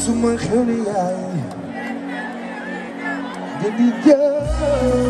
Suma Khaliai baby girl.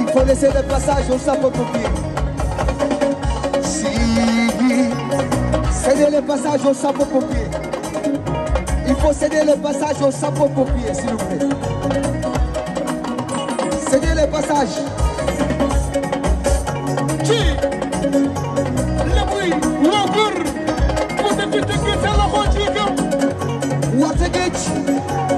Il faut laisser le passage aux sapeurs-pompiers. Sigui. Céder le passage aux sapeurs-pompiers. céder le passage aux sapeurs-pompiers, s'il Céder le passage. Música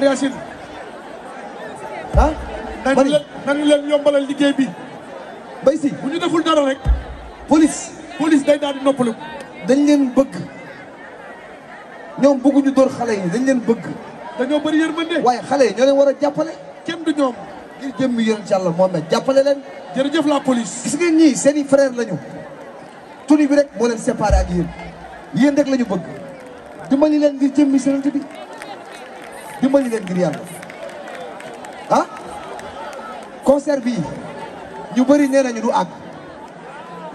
Maria Sine. ah. man leen leen yombalal liggéey bi. bay si bu ñu deful dara rek. polis police day daal di noppalu. dañ leen bëgg. ñoom bëgguñu dóor xale yi dañ leen bëgg. dañoo bëri yërmande. waaye xale yi ñoo leen war a jàppale. kenn du ñoom. ngir jëmmi yéen incha allah moom jàppale leen. jërëjëf la police. gis ngeen ñii seen i frère lañu. tuni bi rek moo leen séparé ak yéen. yéen rek la ñu bëgg. dimbali leen ngir jëmmi seen bi. dimbali leen ngir yàlla ah concert bi ñu bëri nee nañu du àgg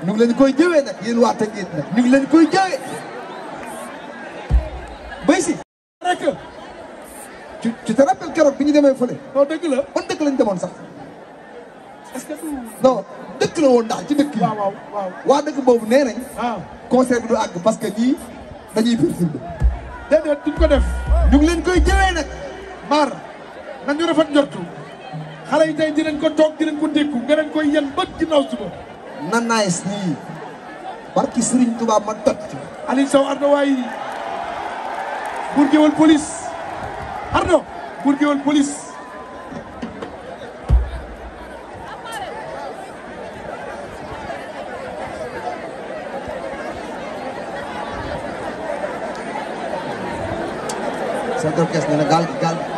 ñu ngi leen koy jëwee nag yéen waa Tëngéej nag ñu ngi leen koy jëwee bay si rek tu tu te keroog bi ñu demee fële non dëgg dëkk lañ demoon sax est-ce que non dëkk la woon daal ci dëkk yi waaw waaw waa dëkk boobu nee nañ ah. concert bi du àgg parce que ñii dañuy perturber déedéet duñ ko def ñu ngi koy jëlee nag maar nañu rafet njortu xale yi tey dinañ ko toog dinañ ko dékku nga leen koy yen bët ginnaaw suba na naes nii barki Serigne Touba ma tot Aliou Sow Ardo waay Bour Gueweul police Ardo Bour Gueweul सदर के गल गल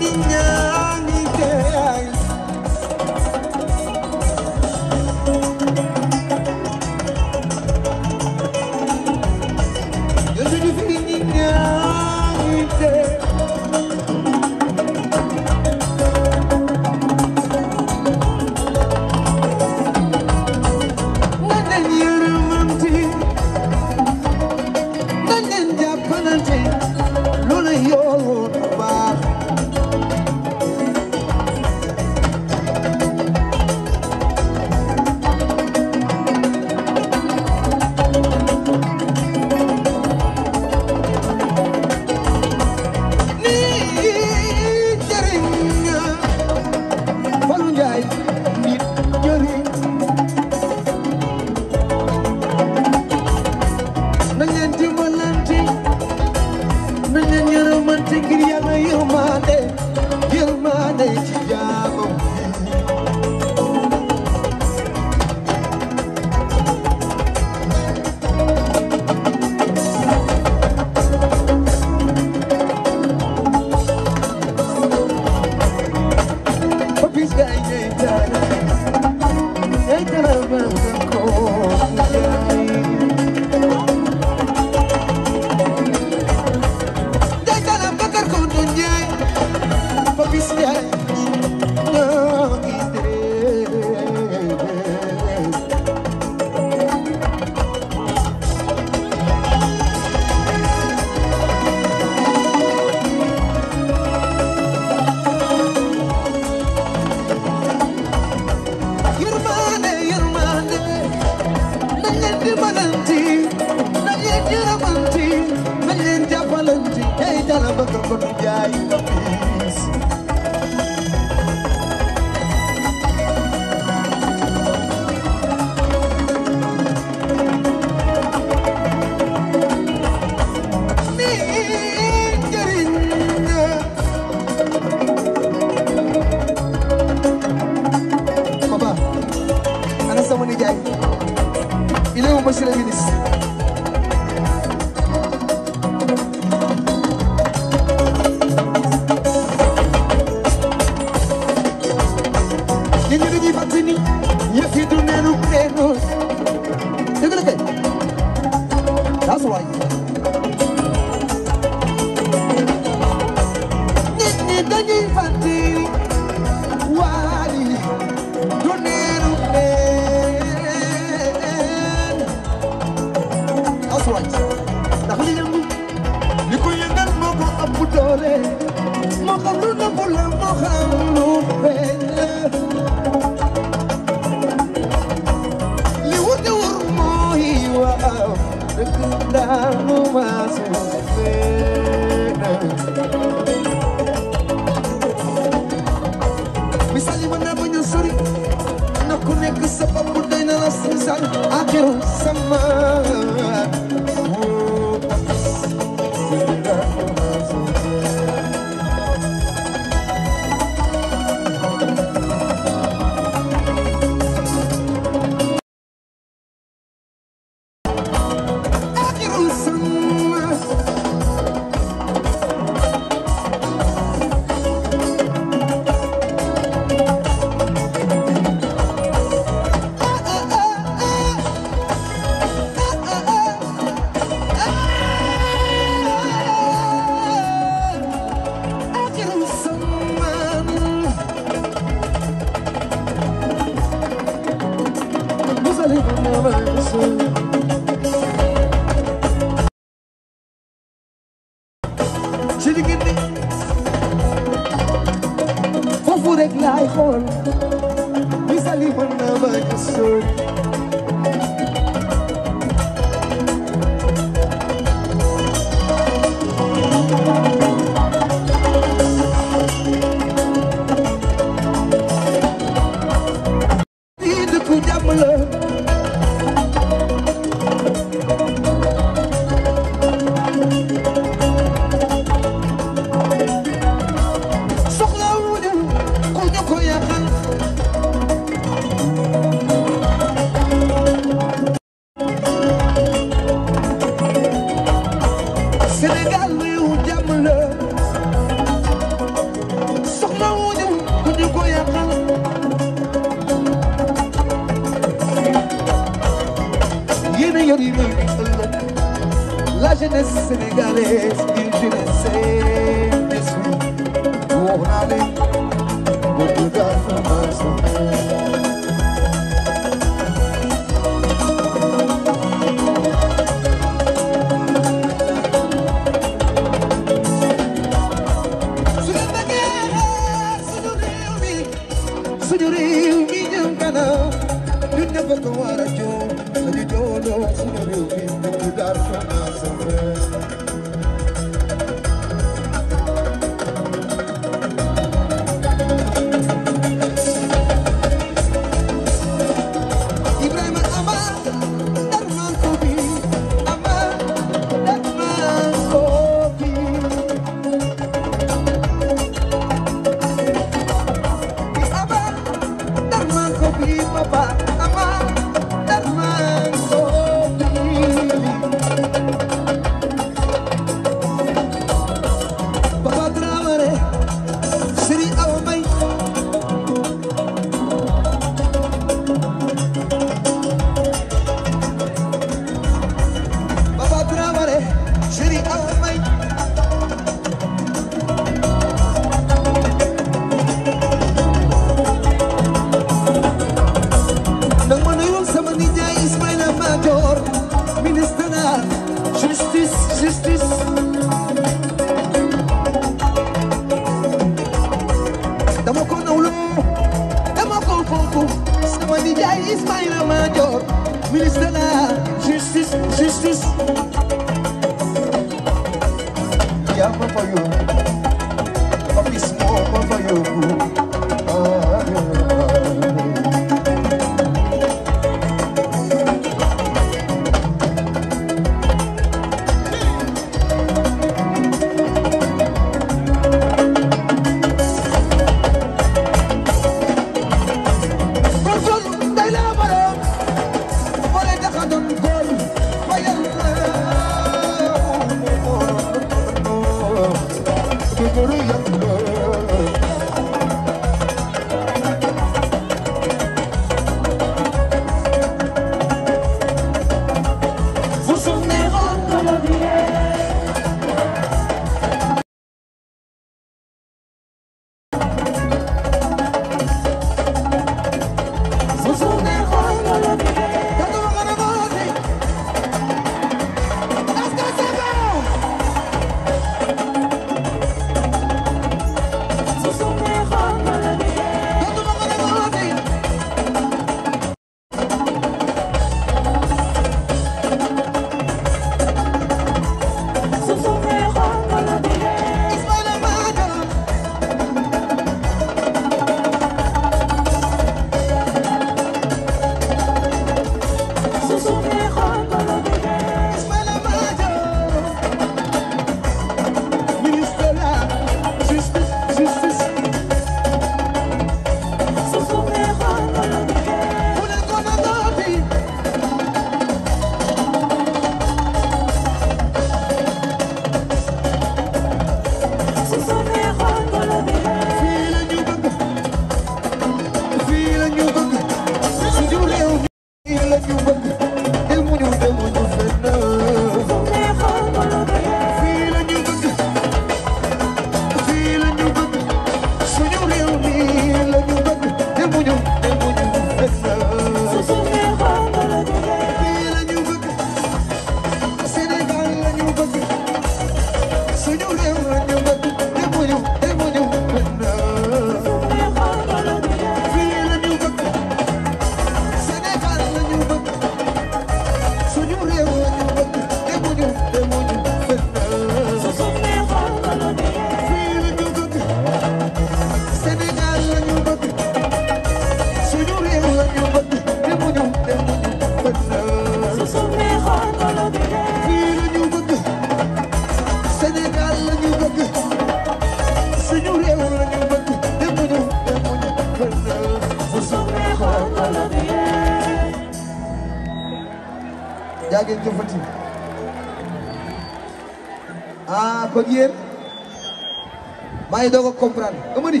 yi doo ko comprendre nga ma ni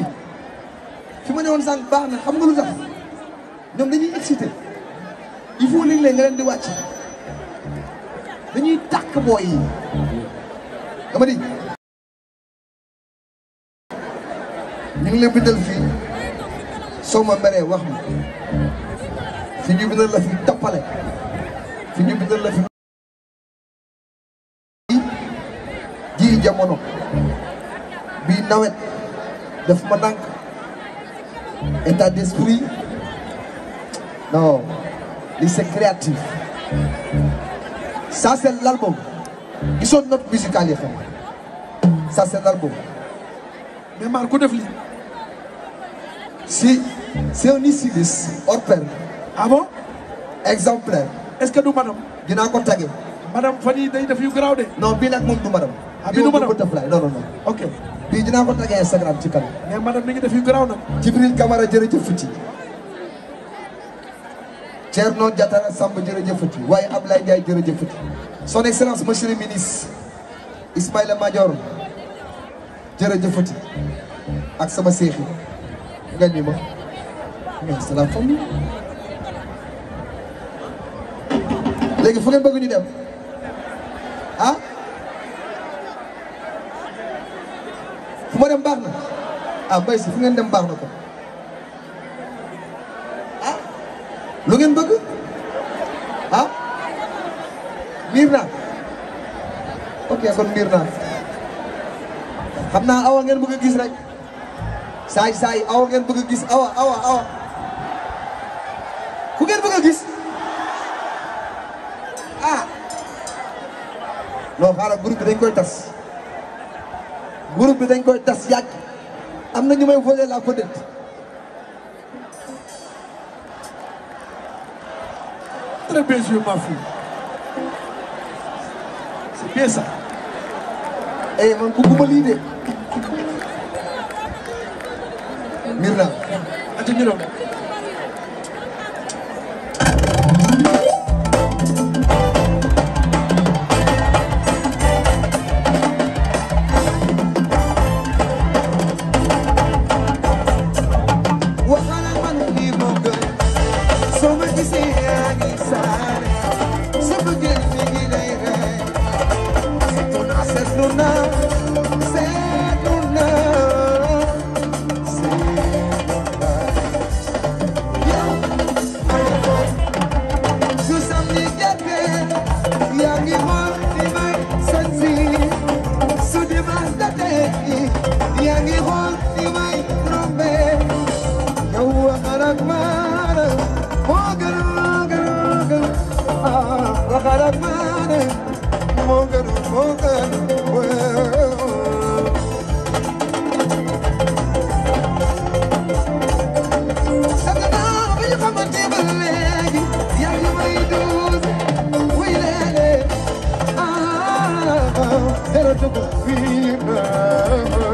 fi ma ne woon sànq baax na xam nga lu tax sonne notre musique à l'effet. Ça, c'est l'album. Mais Marco Defli, si, c'est un issilis hors pair. Ah bon? Exemplaire. Est-ce que nous, madame? Dina ko tagé. Madame Fanny day def yu graw dé. Non, bi nak mom du madame. Ah bi du madame. Non non non. OK. Bi dina ko tagé Instagram ci kanam. Mais madame mi ngi def yu graw nak. a Camara jërëjëf ci. Thierno Diatara Samb jërëjëf ci. Waaye Ablaye Ismaïla Madior jërëjëfati ak sama seexi nga ñu ma mais c'est la léegi fu ngeen bëgg ñu dem ah fu ma dem baax na ah bay fu ngeen dem baax na ko yaa kon miir naa awa ngeen bëgg gis rek awa ngeen bëgg gis awa awa awa ku ngeen bëgg gis ah non xaaral groupe dañ koy tas groupe bi dañ koy tas yàgg am ñu may voler la très bien joué ma fille c'est bien ça eh man bëgguma lii de. Mirna. ati ñu doon. تطفي ما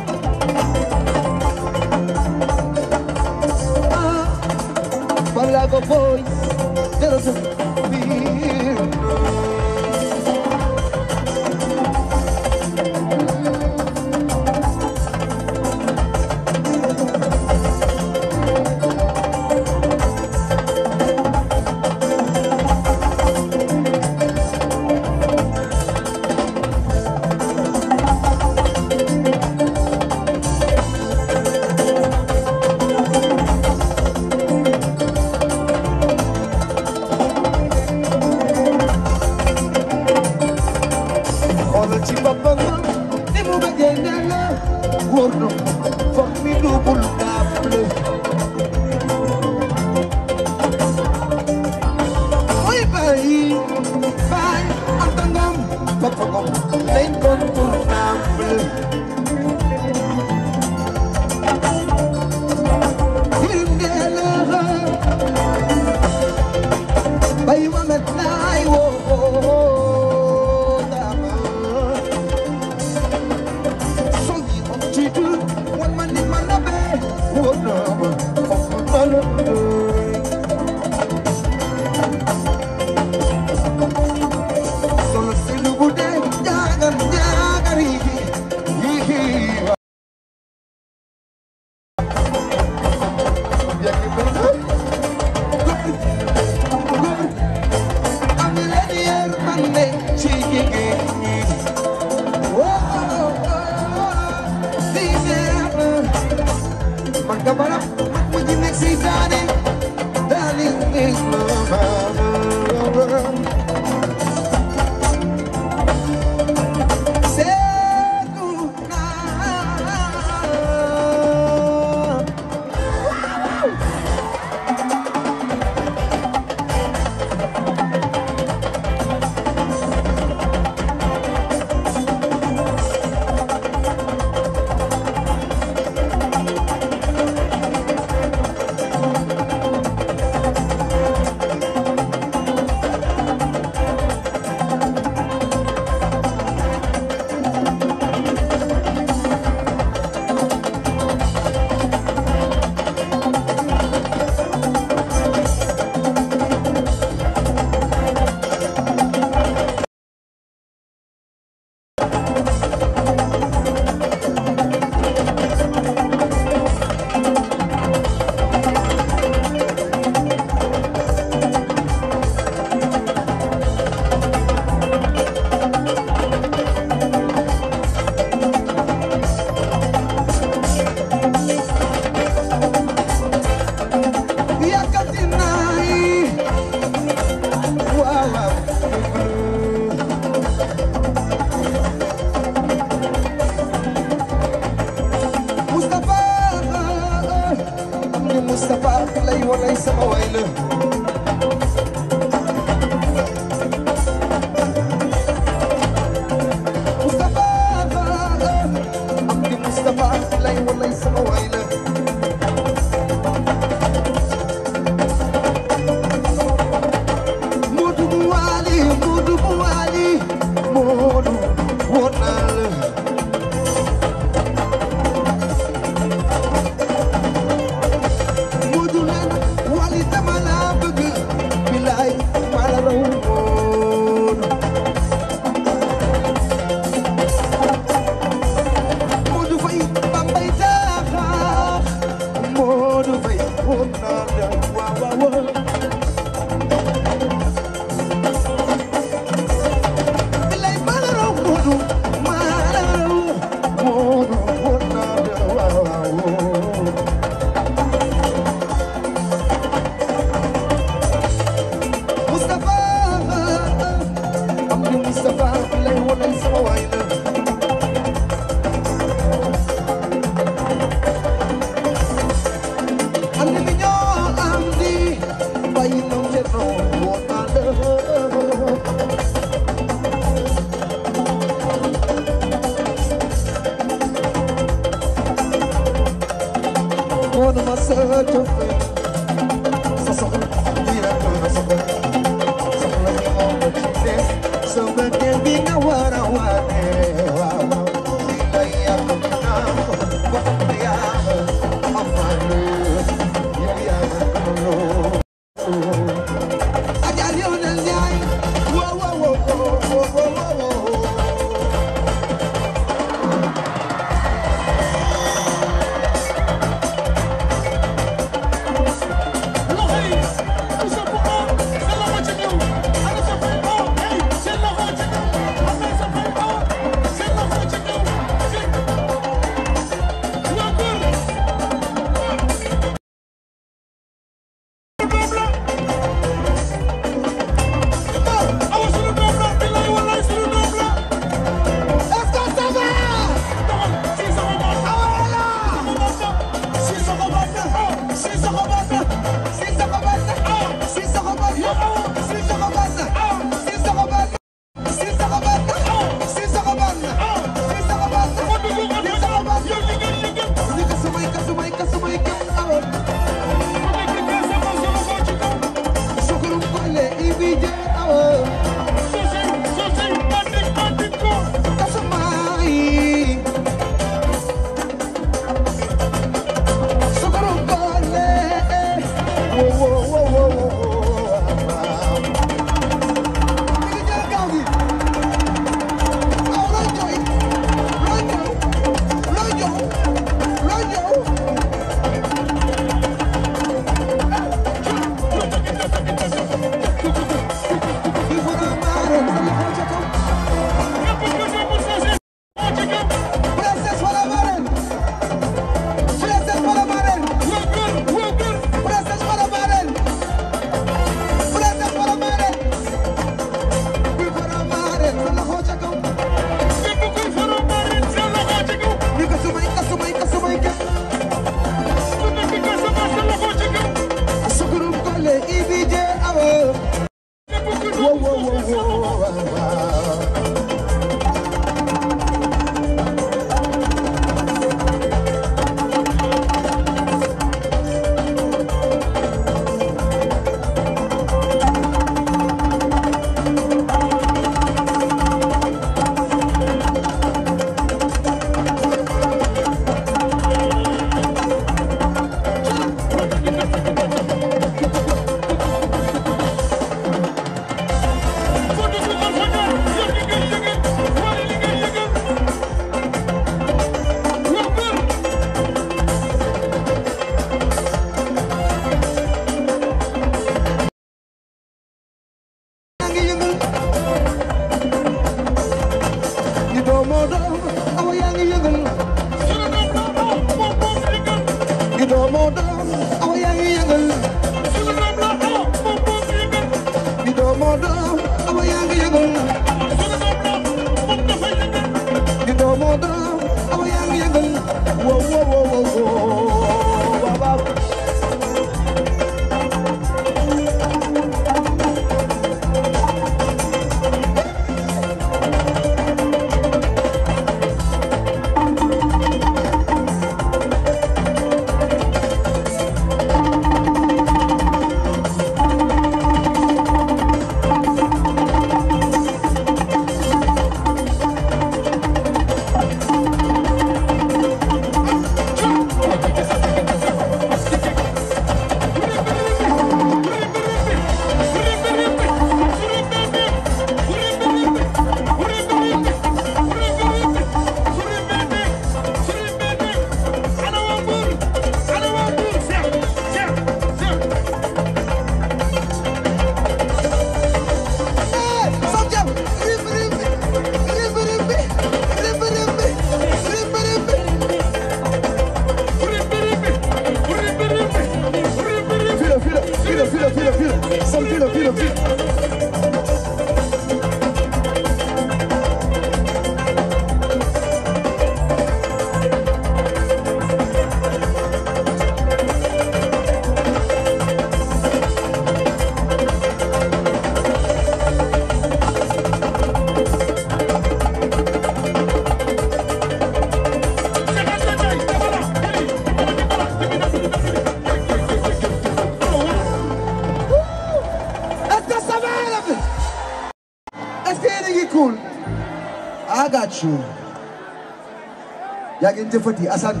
ngeen jëfati Assane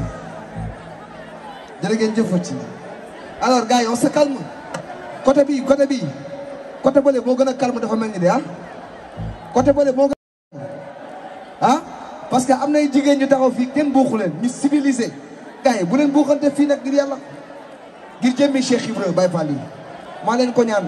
jërë ngeen jëfati alors gars yi on se calme côté bi côté bi côté bële moo gën a calme dafa mel ni de ah côté bële moo gën a ah parce que am nay jigéen ñu taxaw fii kenn buuxu leen ñu civilisé gars yi bu leen buuxante fii nag ngir yàlla ngir jëmmi Cheikh Ibrahima Baye Fall yi maa leen ko ñaan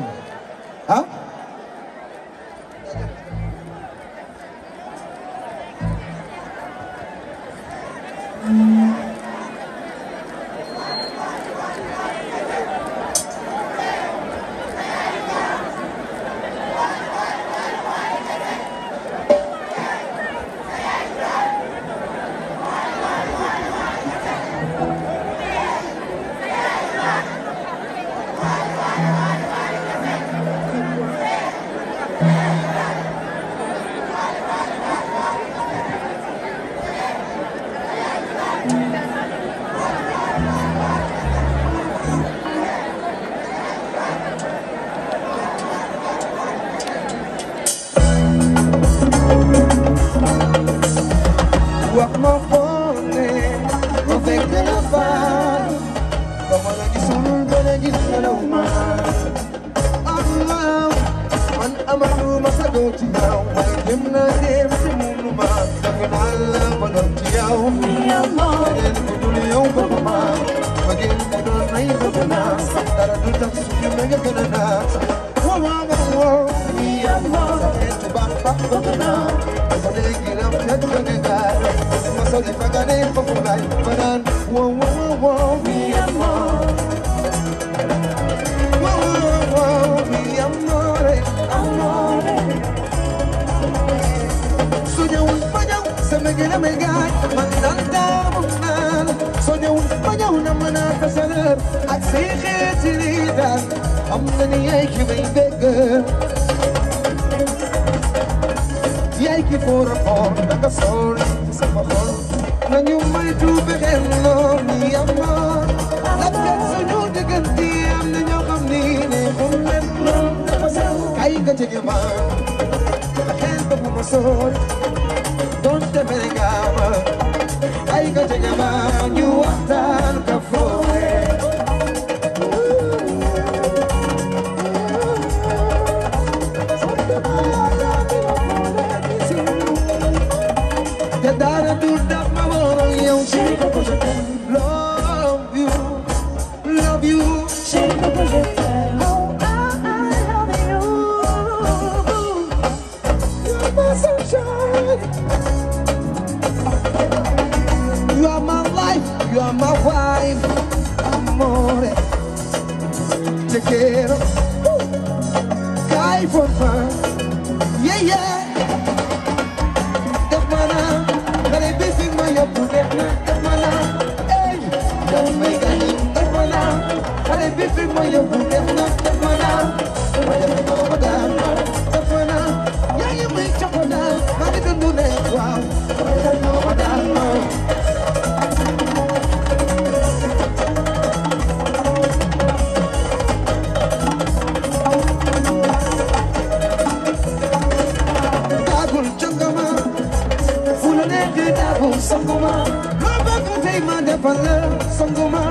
la sanguma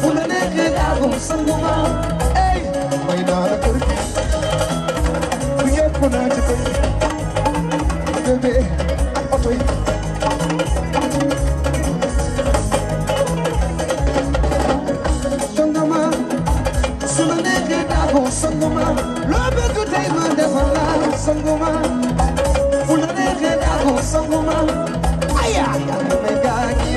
fu la neexee laagum sanguma ey may naa la kër gi bu yëpp naa ci kër gi bébé ak oto yi sanguma su la neexee laagum sanguma loo bëgg tey ma defal la sanguma fu la neexee laagum sanguma aya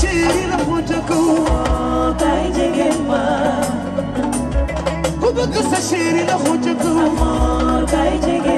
chéri rapunjaku tay jege ma ku bëgg sa chéri rapunjaku tay jege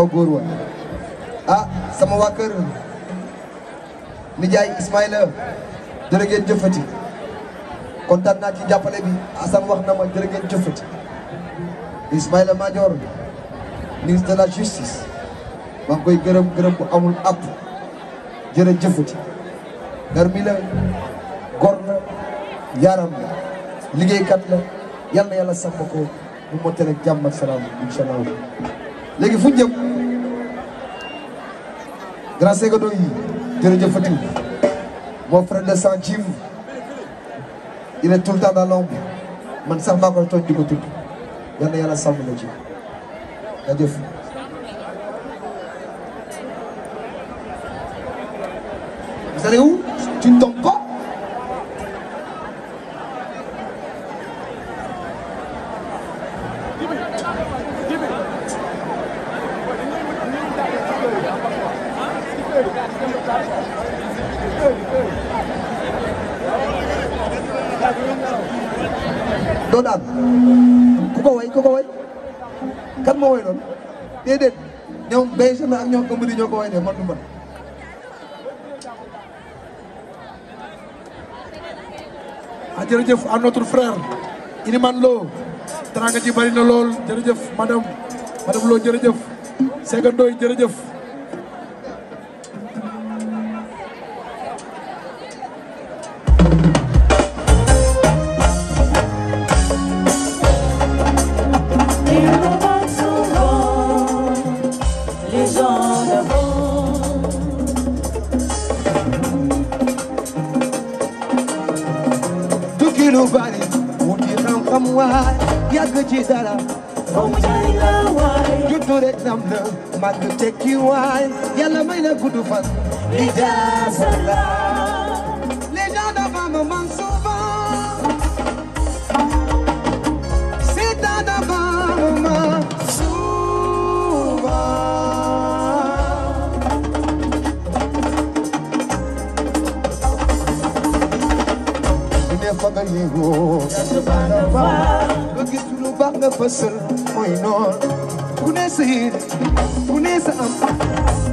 aw góor wa ah sama waa kër nijaay Ismaïla jërë ngeen jëfati kontaan naa ci jàppale bi Assane wax na ma jërë ngeen jëfati Ismaïla Madior ministre de la justice maa ngi koy gërëm gërëm bu amul àpp jërë jëfati garmi la gor la yaaram la liggéeykat la yal yàlla sàmm ko bu motale jàmm ak léegi fu jëm grâce Segadou yi jërëjëf Fatou mon frère de sang Jim il est tout le temps dans man sax maa koy tooñ di ko tudd yal na yàlla sàmm la ci jaajëf vous jo ko wayde mon ɗum mbaɗ notre frère Lo teraanga ji bari na madame madame Lo jërëjëf Sega Ndoye jërëjëf mag tekki waay yàlla may na li daa li daa da bamba mansuba si daa da bamba mansuba li ne fa nga yéegoo da bamba ba gis lu baax nga fësal mooy noon ku ne sa ku ne am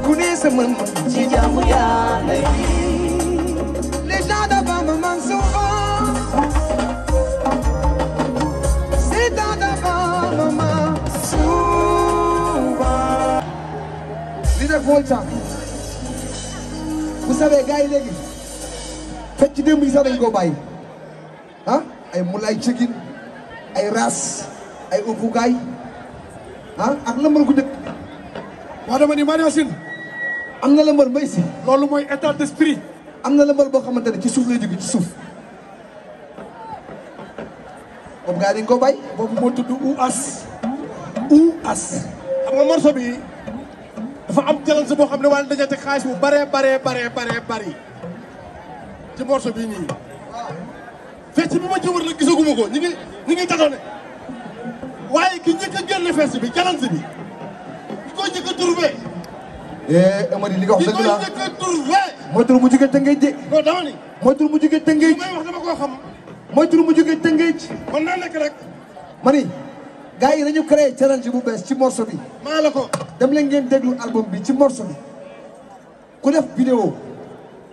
ku ne sa mën ci jaamu Yàlla yi les gens d'avant me manquent souvent ces temps d'avant me li def wol temps vous savez gars yi léegi ci démb yi sax dañ ah, ay Moulay Cegin ay Ras ay Ougougaye ah ak lëmbal gu njëkk waa dama ni Maria Sine am na etal mbay si loolu mooy état d'esprit am na lëmbal boo xamante ci suuf lay jóge ci suuf boobu gaa yi dañ bay boobu moo tudd u as u as bi dafa am challenge dañu bu bare bare bare bare bari ci morceau bii nii fecc bi ma jëmër la gisaguma ko tatone waaye ki njëkk a génne fees bi challenge bi ki ko njëkk a trouvé. eh Amady li nga wax dëgg la ki ko njëkk a trouvé. mooy tur mu jógee Tëngéej de. non dama mooy tur mu jógee Tëngéej. li may wax dama koo xam. mooy tur mu jógee Tëngéej. kon naa nekk rek. ma ni gars yi dañu créé challenge bu bees ci morceau bi. maa la ko. dem leen ngeen déglu album bi ci morceau bi ku def vidéo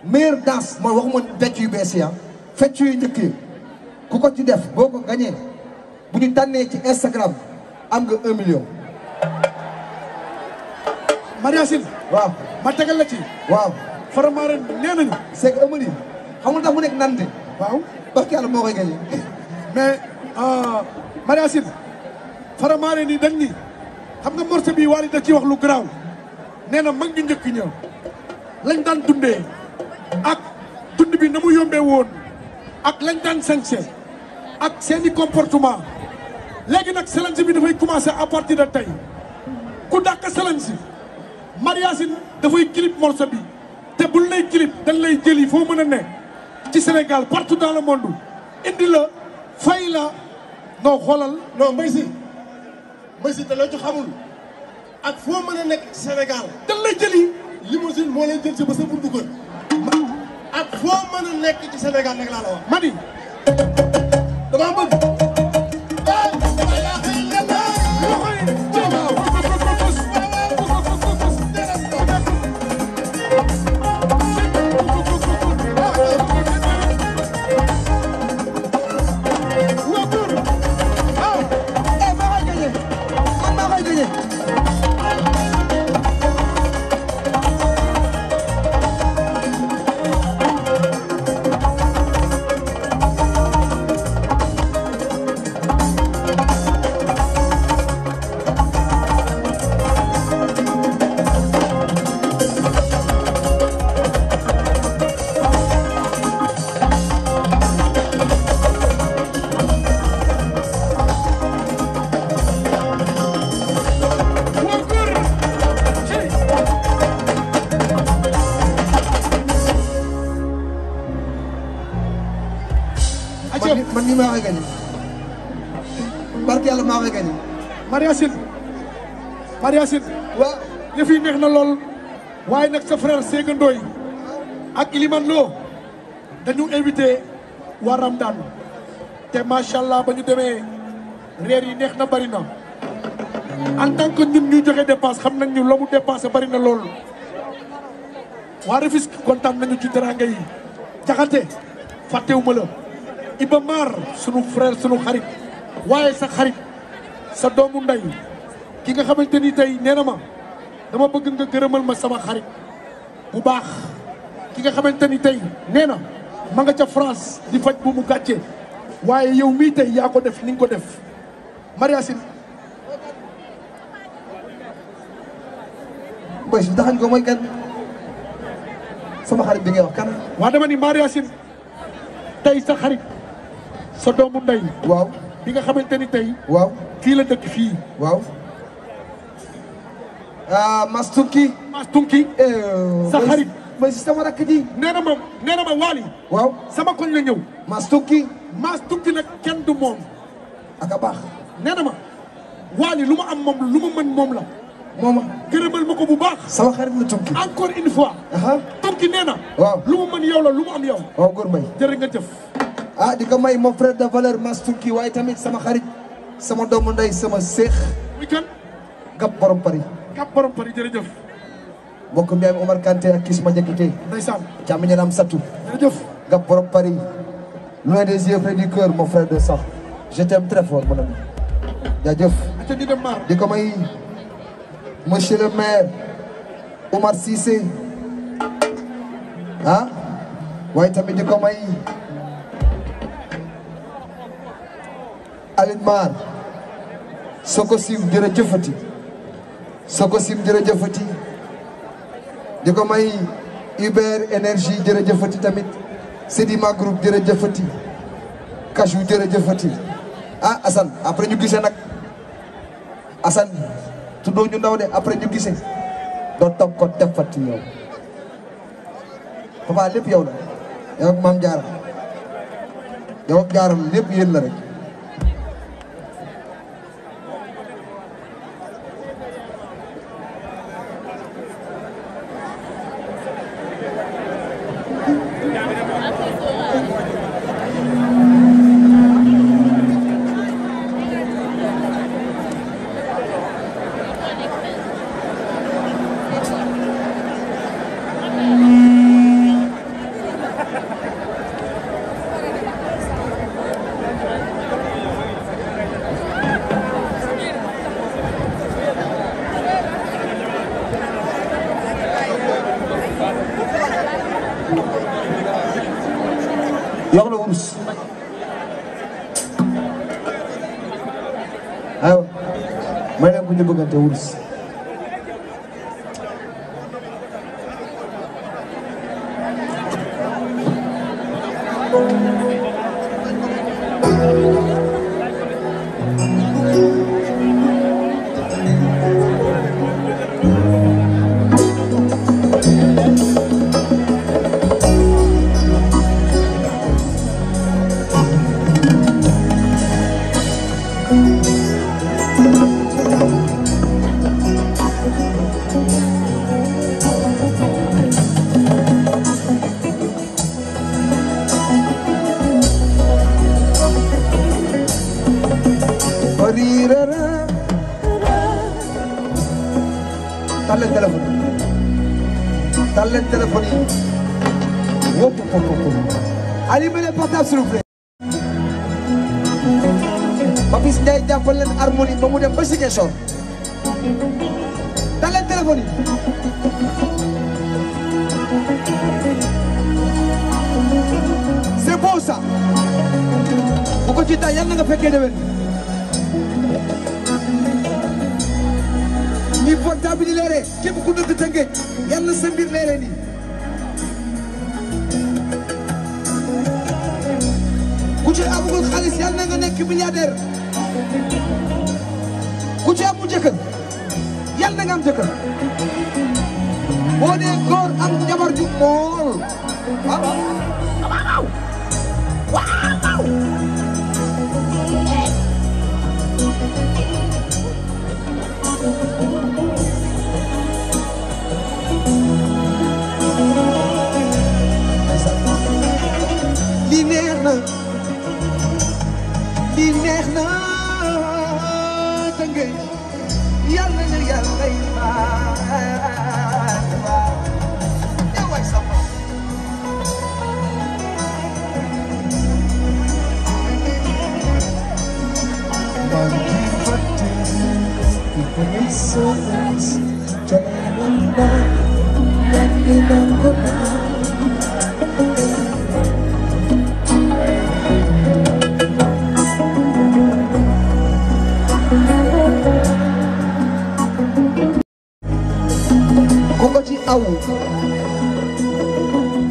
meilleure danse mooy waxuma fecc yu bees ya ah fecc yu njëkk ku ko ci def boo ko gañee bu ñu tànnee ci Instagram am nga un million. Maria Sine. waaw ma tegal la ci. waaw faramaaren nee nañu. c'est que Amady xam nga tax mu nekk nante. waaw parce que yàlla moo koy gagné. mais euh, Maria Sine faramaaren yi dañ ni xam nga morceau bi Wally ci wax lu garaaw nee na mag ñu njëkk daan dundee ak dund bi na mu yombee woon ak lañ daan sañse ak seeni comportement. léegi nag challenge bi dafay commencer à partir tey ku dàq challenge Mariasine dafay clip morceau bi te buñ lay clip dañ lay jëli foo mën a ne ci Sénégal partout dans le monde indi la fay la non xoolal non Mbaye Sy Mbaye Sy te loo ci xamul ak foo mën a nekk Sénégal dañ lay jëli limousine moo lay jël si ba sa buntu kër ak foo mën a nekk ci Sénégal nag laa la wax ma ni dama Mariasin Sid, ya yi neex na lool waaye nag sa frère Séga Ndoye ak Iliman Lo dañu invité waa Ramdan te macha allah ba ñu demee reer yi neex na bari na en tant que ñun ñuy joxe dépense xam nañ ñu la mu dépensé bari na lool waa Rufisque kontaan nañu ci teranga yi jaxate fàttewuma la Iba Mar sunu frère sunu xarit waaye sa xarit sa doomu ndey ki nga xamanteni tay nena ma dama bëgg nga gëreemal ma sama xarit bu baax ki nga xamanteni tay neena ma nga ca France di fajj bu mu gatché waye yow mi tay ya ko def ni nga ko def Mariasine mooy su daan ko moy kan sama xarit bi ngay wax kan wa dama ni Mariasine tay sa xarit sa doomu ndey waw bi nga xamanteni tay waw ki la dëkk fi waw ah Mas Tunki. Mas Tunki. Eh, sa xarit eh, sama rakk ji. nee na waaw sama koñ la ñëw. Mas Tunki. Mas Tunki nag kenn du moom. ak a baax. nee ma Waly lu ma am moom lu ma mën moom la. moom gërëmal ma ko bu baax. sama xarit la Tunki. encore une fois. Tunki nee na. waaw lu mu mën yow la lu mu am yow. waaw góor may jërë nga jëf. ah di may moo frère de valeur Mas waaye tamit sama xarit sama doomu ndey sama seex. muy kan. gab borom kap borom Paris jërëjëf mbokk Omar Kanté ak Kisma Diakité ndeysaan nam satu. jërëjëf gap borom Pari. loin des yeux près du cœur mon frère de sang je t'aime très fort mon ami jaajëf di ko may monsieur le maire Omar Sissé. Hein ah? Ouais, tamit mis ko may Alioune Mar soko Sococim jërëjëfati di ko may Uber énergie jërëjëfati tamit Sedima groupe jërëjëfati Cashew jërëjëfati ah Assane après ñu gisee nag Assane tuddoo ñu ndaw de après ñu gisee doo toog ko defati yow papa lépp yow la yow ak maam Diarra yow ak Diarra lépp yéen la rek.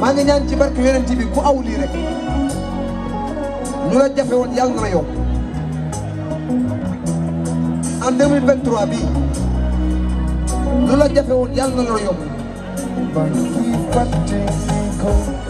maa ngi ñaan ci barke yonent bi ku aw lii rek lu la jafe woon yàlla na la yomb en bii lu la jafe woon yàlla na và khi phát triển không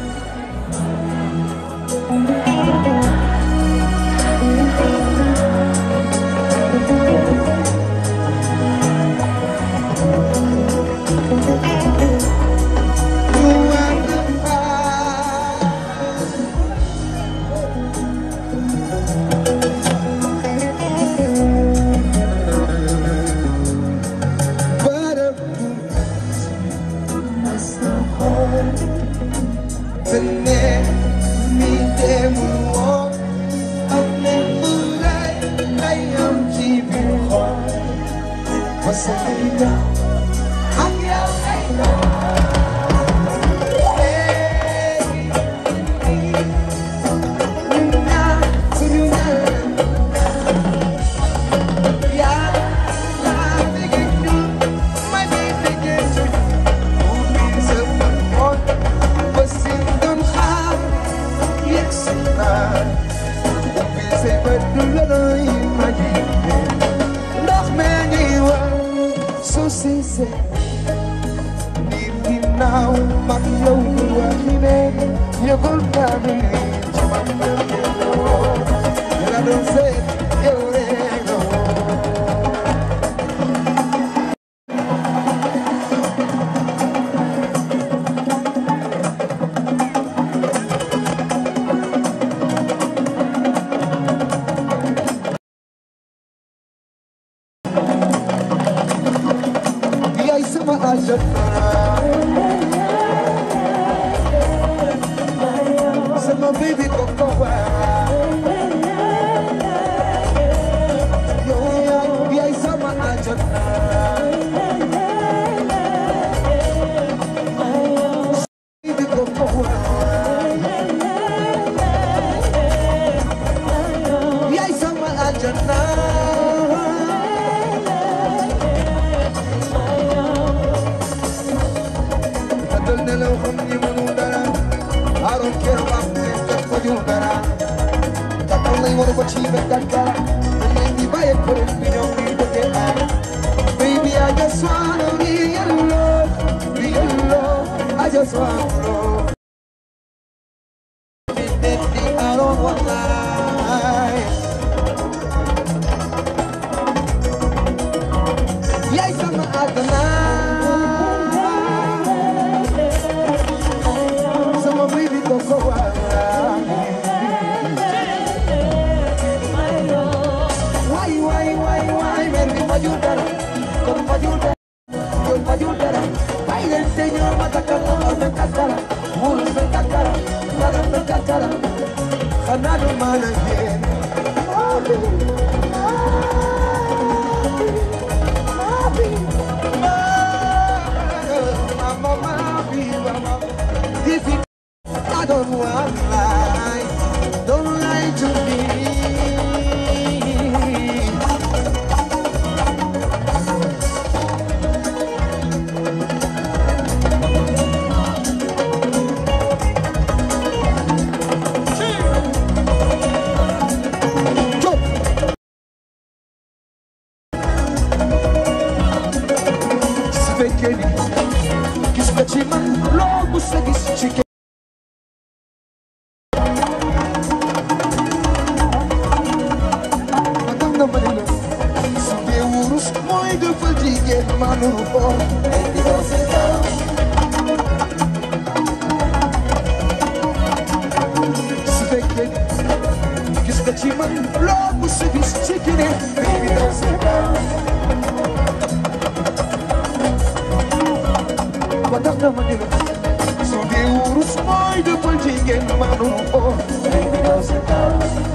me oh,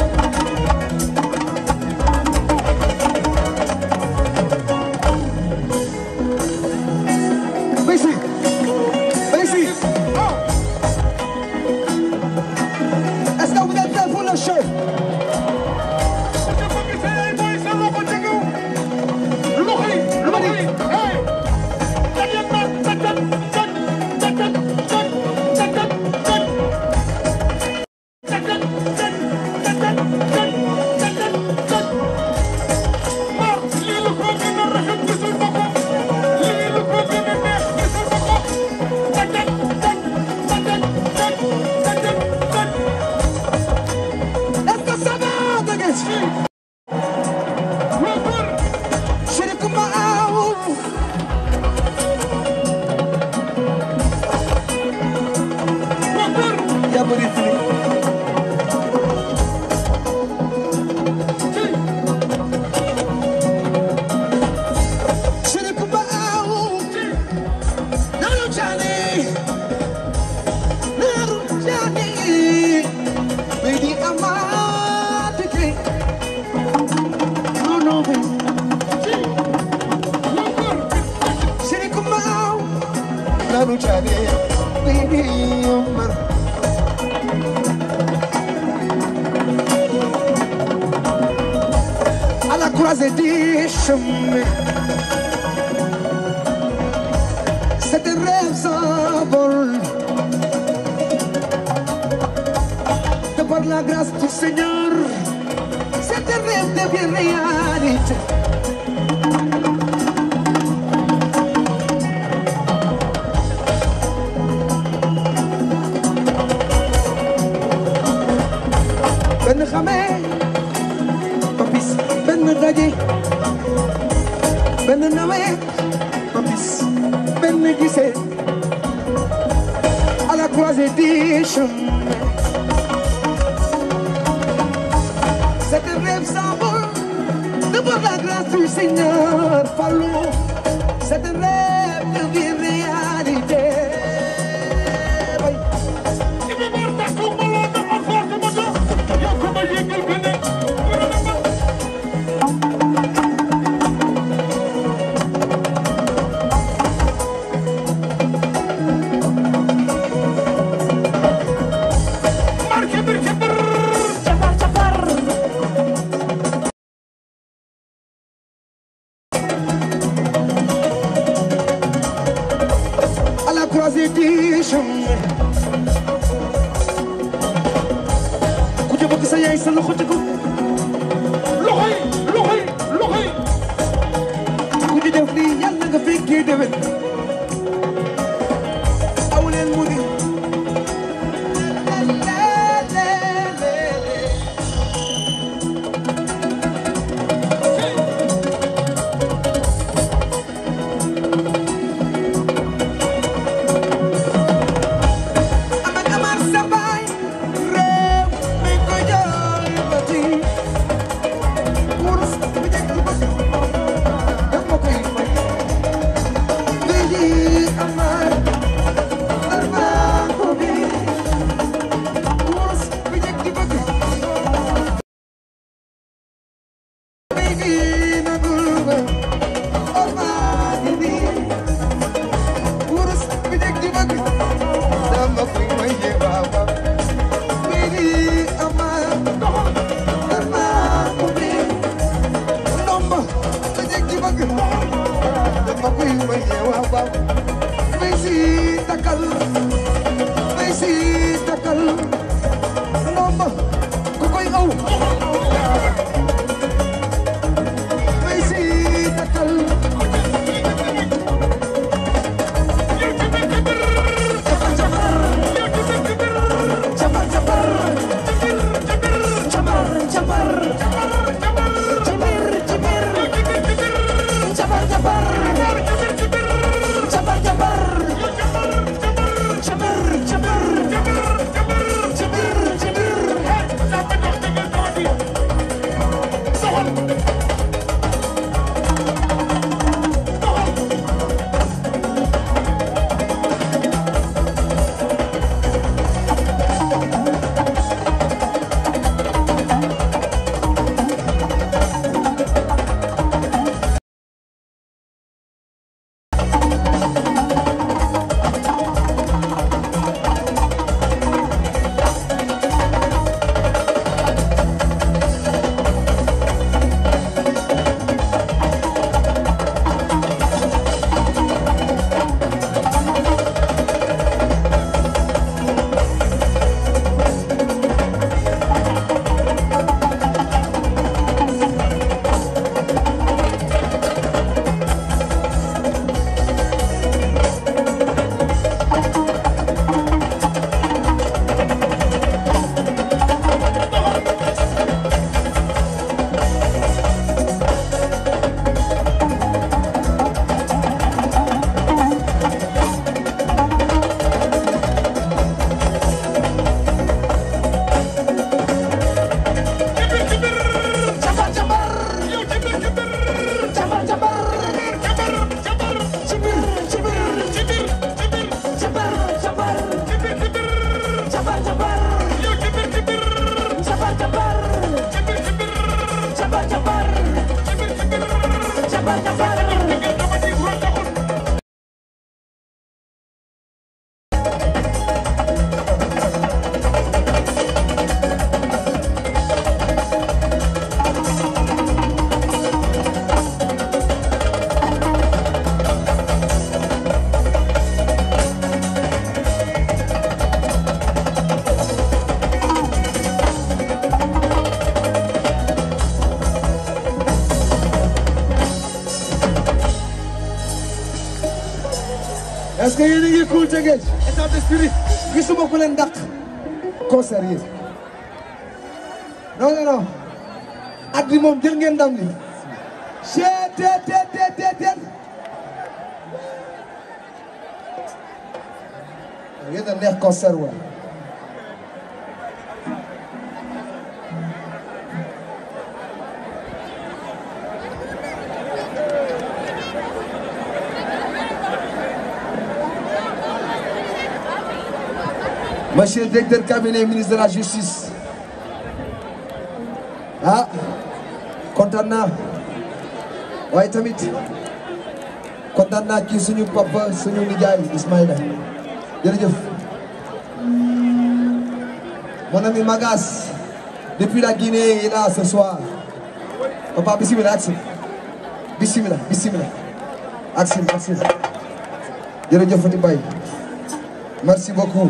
que yéen a ngi cool Tëngéej état d'esprit gisuma ku leen dàq concert yi non non non at moom jël ngeen ndam li chet tet tet tet a neex concert wa le directeur cabinet ministre de la justice ah Contana. naa qui tamit Contana naa ci suñu papa suñu nijaay Ismaïla jërëjëf mon ami Magas depuis la Guinée il est là ce soir papa bismillah aksim bismillah bismillah aksim dis jërëjëf Merci merci beaucoup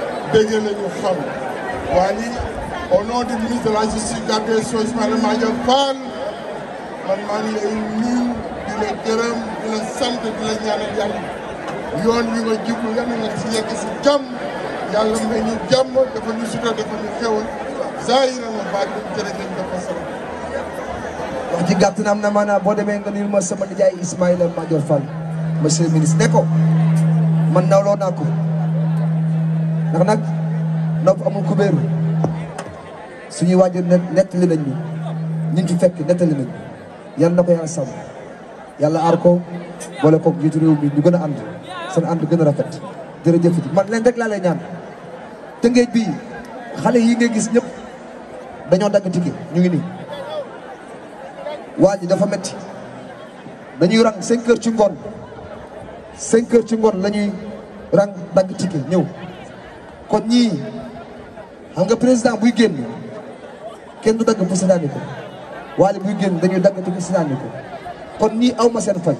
dégg lañu xam waa ni au nom du ministre de la justice garde des sceaux Ismaïla Madior man maa ngi lay nuyu di la gërëm sant di la ñaanal yàlla yoon wi nga jublu yàlla nga si yegg si jàmm yàlla may ñu jàmm dafa ñu sutura dafa ñu xewal zaahira wa baatin jërëjëf dafa sori wax ji gàtt na am na maanaam boo demee nga nuyul ma naa ko ndax nag nopp amul kubéeru suñuy waajur nettali nañ ñu ñun ci fekk nettali nañ yal na ko yàlla sàmm yàlla aar ko bolé ko jitu rew bi ñu gëna and ànd and gëna rafet dara jëf ci man leen rek la lay ñaan te ngeej bi xalé yi nga gis ñep dañoo dag tike ñu ngi ni waji dafa metti dañuy rang 5 heures ci ngone 5 heures ci ngone lañuy rang dag tike ñew kon ñii xam nga président buy génn kenn du dagg pour seetaani ko waale buy génn dañuy dagg pour seetaani ko kon ñii aw ma seen fay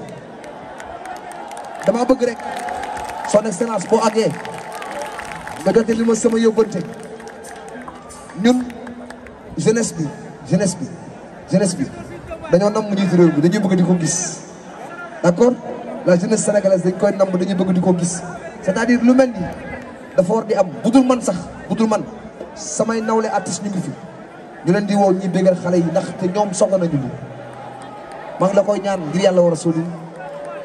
dama bëgg rek son excellence boo àggee nga jote li ma sama yóbbante ñun jeunesse bi jeunesse bi jeunesse bi dañoo namm njiitu réew bi dañuy bëgg di ko gis d'accord la jeunesse sénégalaise dañ koy namm dañuy bëgg di ko gis cest à lu mel ni dafa war di am budul man sax budul man samay nawle artiste ñu ngi fi ñu leen di woo ñi bégal xale yi ndax te ñoom soxla nañu li maa la koy ñaan ngir yàlla war a sóolil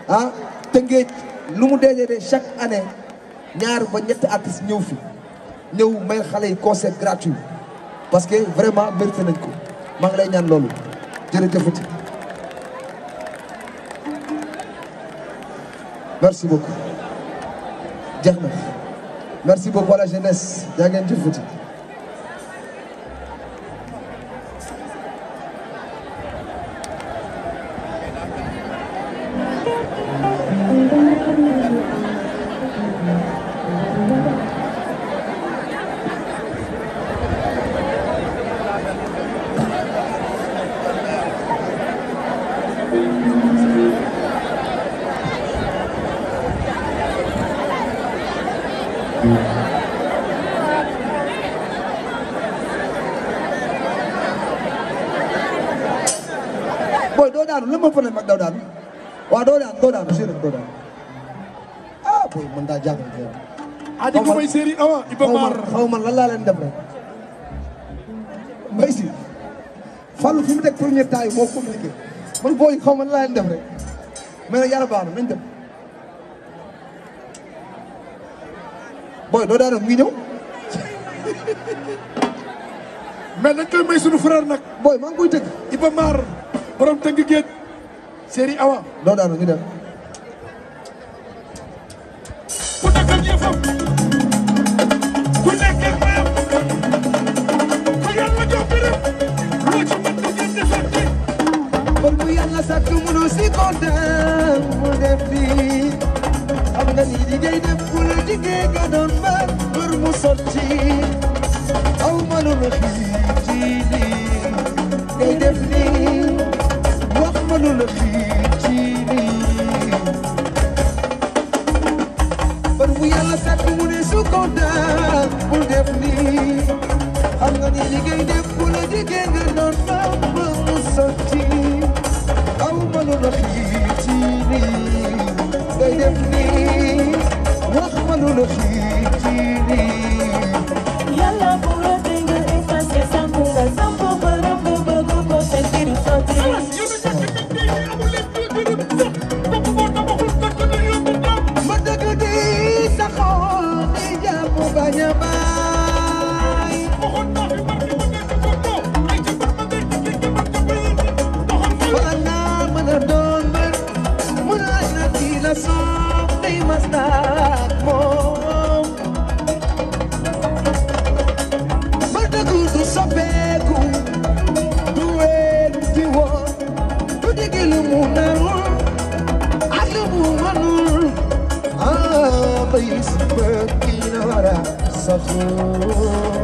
ah Tëngéej lu mu deedeedee chaque année ñaar ba ñetti artiste ñëw fi ñëw may xale yi concert gratuit parce que vraiment mérité nañ ko maa ngi lay ñaan loolu jërëjëfati merci beaucoup jex na merci beaucoup à la jeunesse mooy série un Iba man lan laa leen def rek mbay si Fallou fu mu teg premier temps moo communiqué man booy xaw ma lan laa def rek mais nag yàlla baax na nañ dem booy doo daa def mu ngi ñëw mais nañ koy may sunu frère nag booy maa ngi koy tëgg Iba Mar borom tëgg géej série awa doo daa def ñu dem Put a gun here yàlla sàkk mënu si kontaan mu def fii xam nga ni liggéey def ku la liggéey nga doon mën pour mu sotti aw ma lu la ci lii ngay def nii wax ma lu la ci lii bër bu yàlla sàkk mu def nii xam nga ni liggéey def ku la mu sotti ومن رخيتيني دايمني واخمل رخيتيني país, porque ignorar só tu.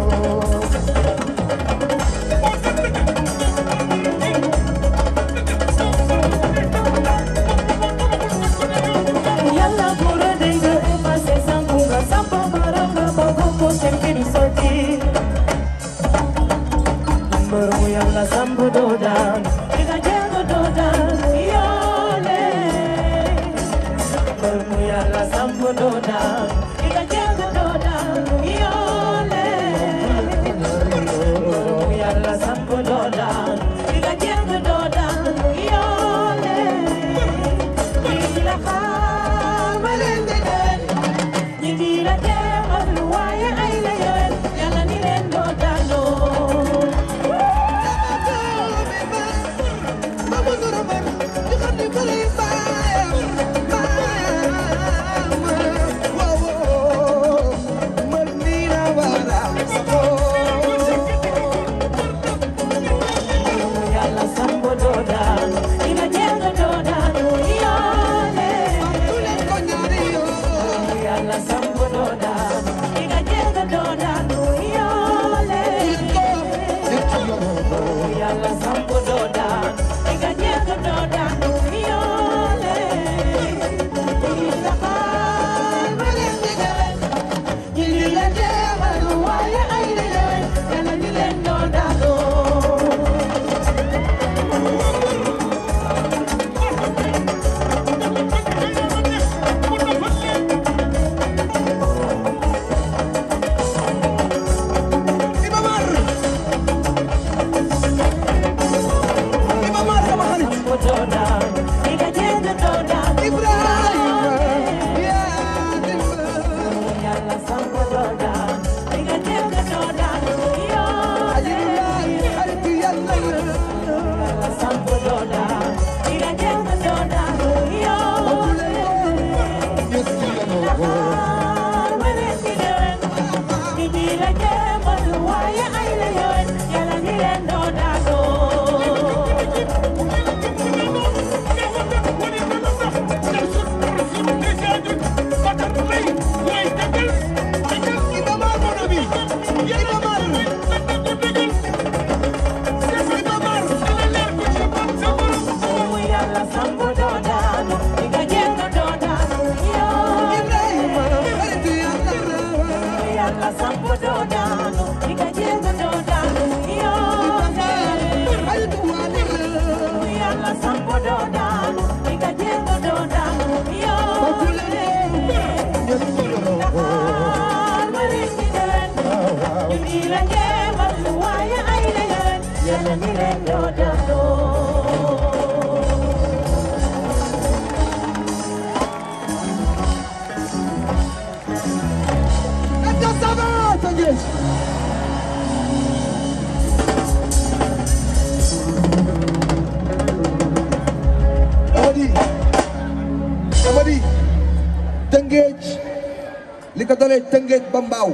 Tëngéej ba Mbaaw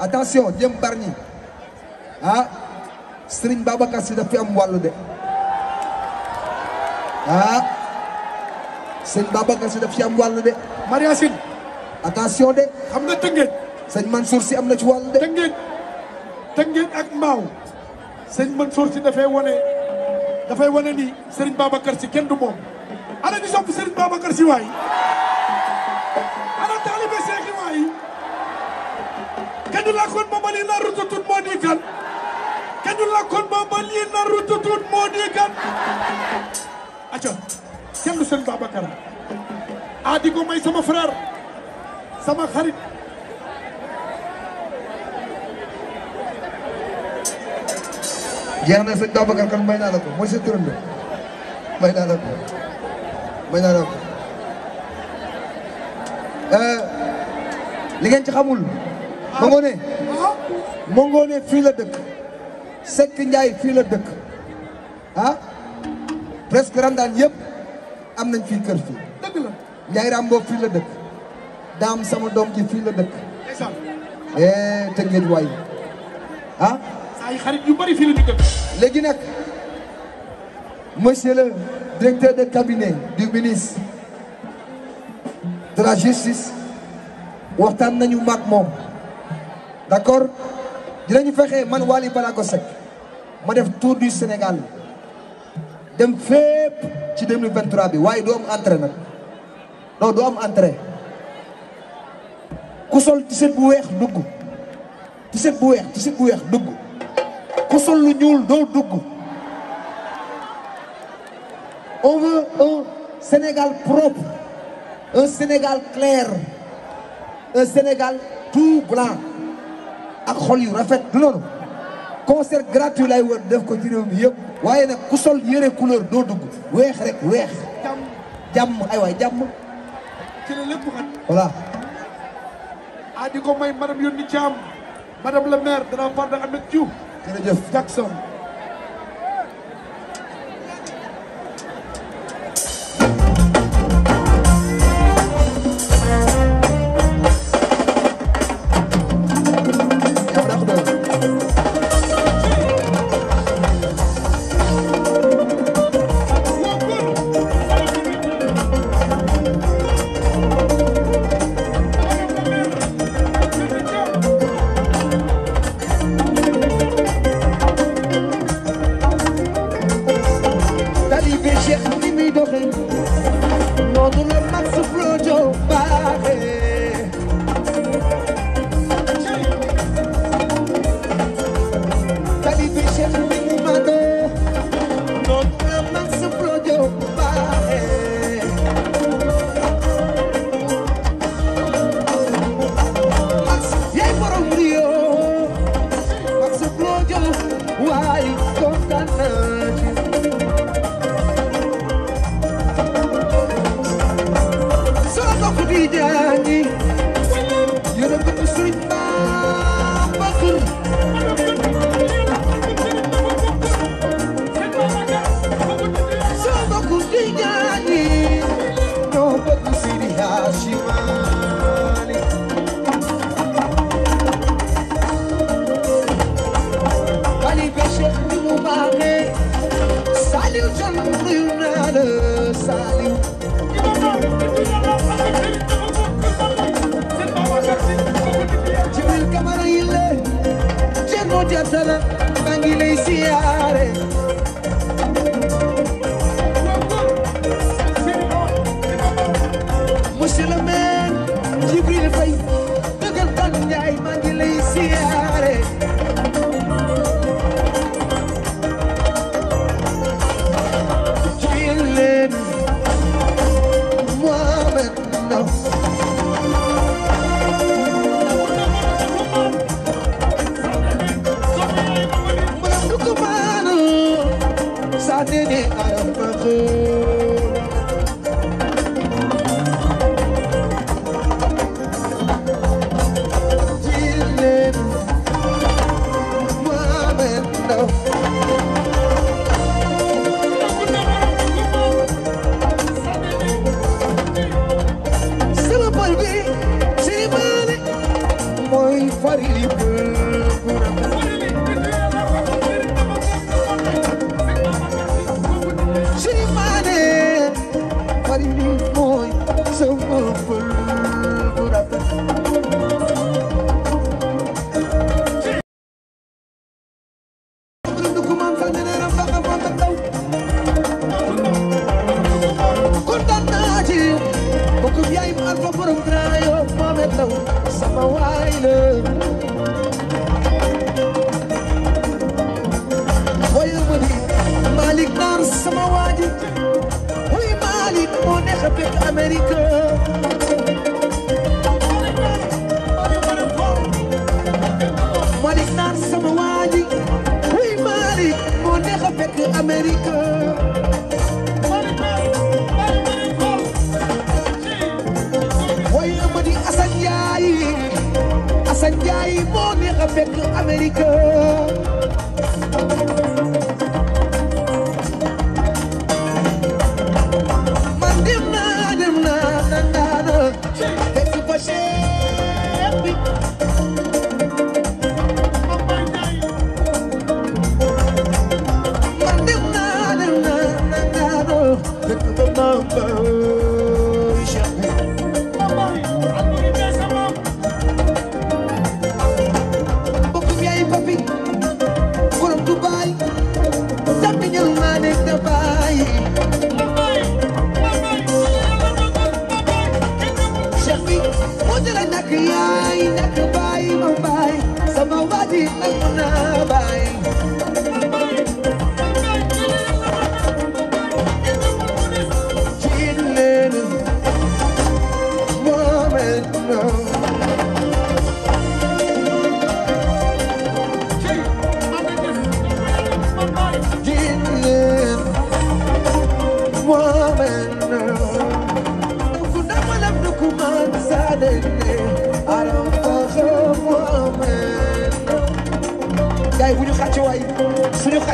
attention jëm Bargny ah Serigne Babacar Sy daf fi am wàllu de ah Serigne Babacar Sy daf fi am wàllu de. Maria Sine. attention de. xam nga Tëngéej. sëñ Mansour Sy am na ci wàllu de. Tëngéej Tëngéej ak Mbaaw sëñ Mansour Sy dafay wane dafay wane ni Serigne Babacar Sy kenn du moom. ana ñu sopp Serigne Babacar Sy waay. li nar tutut moo di kan kañu lakkoon ba ba lii nar tutut moo di kan acca kenn du seen Babacar a di may sama frère sama xarit jeex na sëñ Babacar kan may naa la ko mooy sa turando may naa la ko may naa la ko euh, li ngeen ci xamul Mongone fii la dëkk Seck Ndiaye fii la dëkk presque Randaan yëpp am nañ fii kër fii dëgg la fii la dëkk daam sama doom ji fii la dëkk eh te ngeen waay ah ay xarit yu bari fii la dëkk léegi nag monsieur le directeur de cabinet du ministre de la justice waxtaan nañu mag moom ne suis man Wally Ballago je ma suis tour du Sénégal dem venu ci 2023 bi du Sénégal. am entrée non am entrée ku sol tu bu Tu on veut un Sénégal propre un Sénégal clair un Sénégal tout blanc xol yu rafet du noonu concert gratuit lay wër def ko ci réew mi yëpp waaye nag ku sol yëre couleur doo dugg weex rek weex jàmm ay waay jàmm ci la lépp xat voilà a di ko may madame yónni Thiam madame le maire de la part de Ahmed Diouf jërëjëf Jackson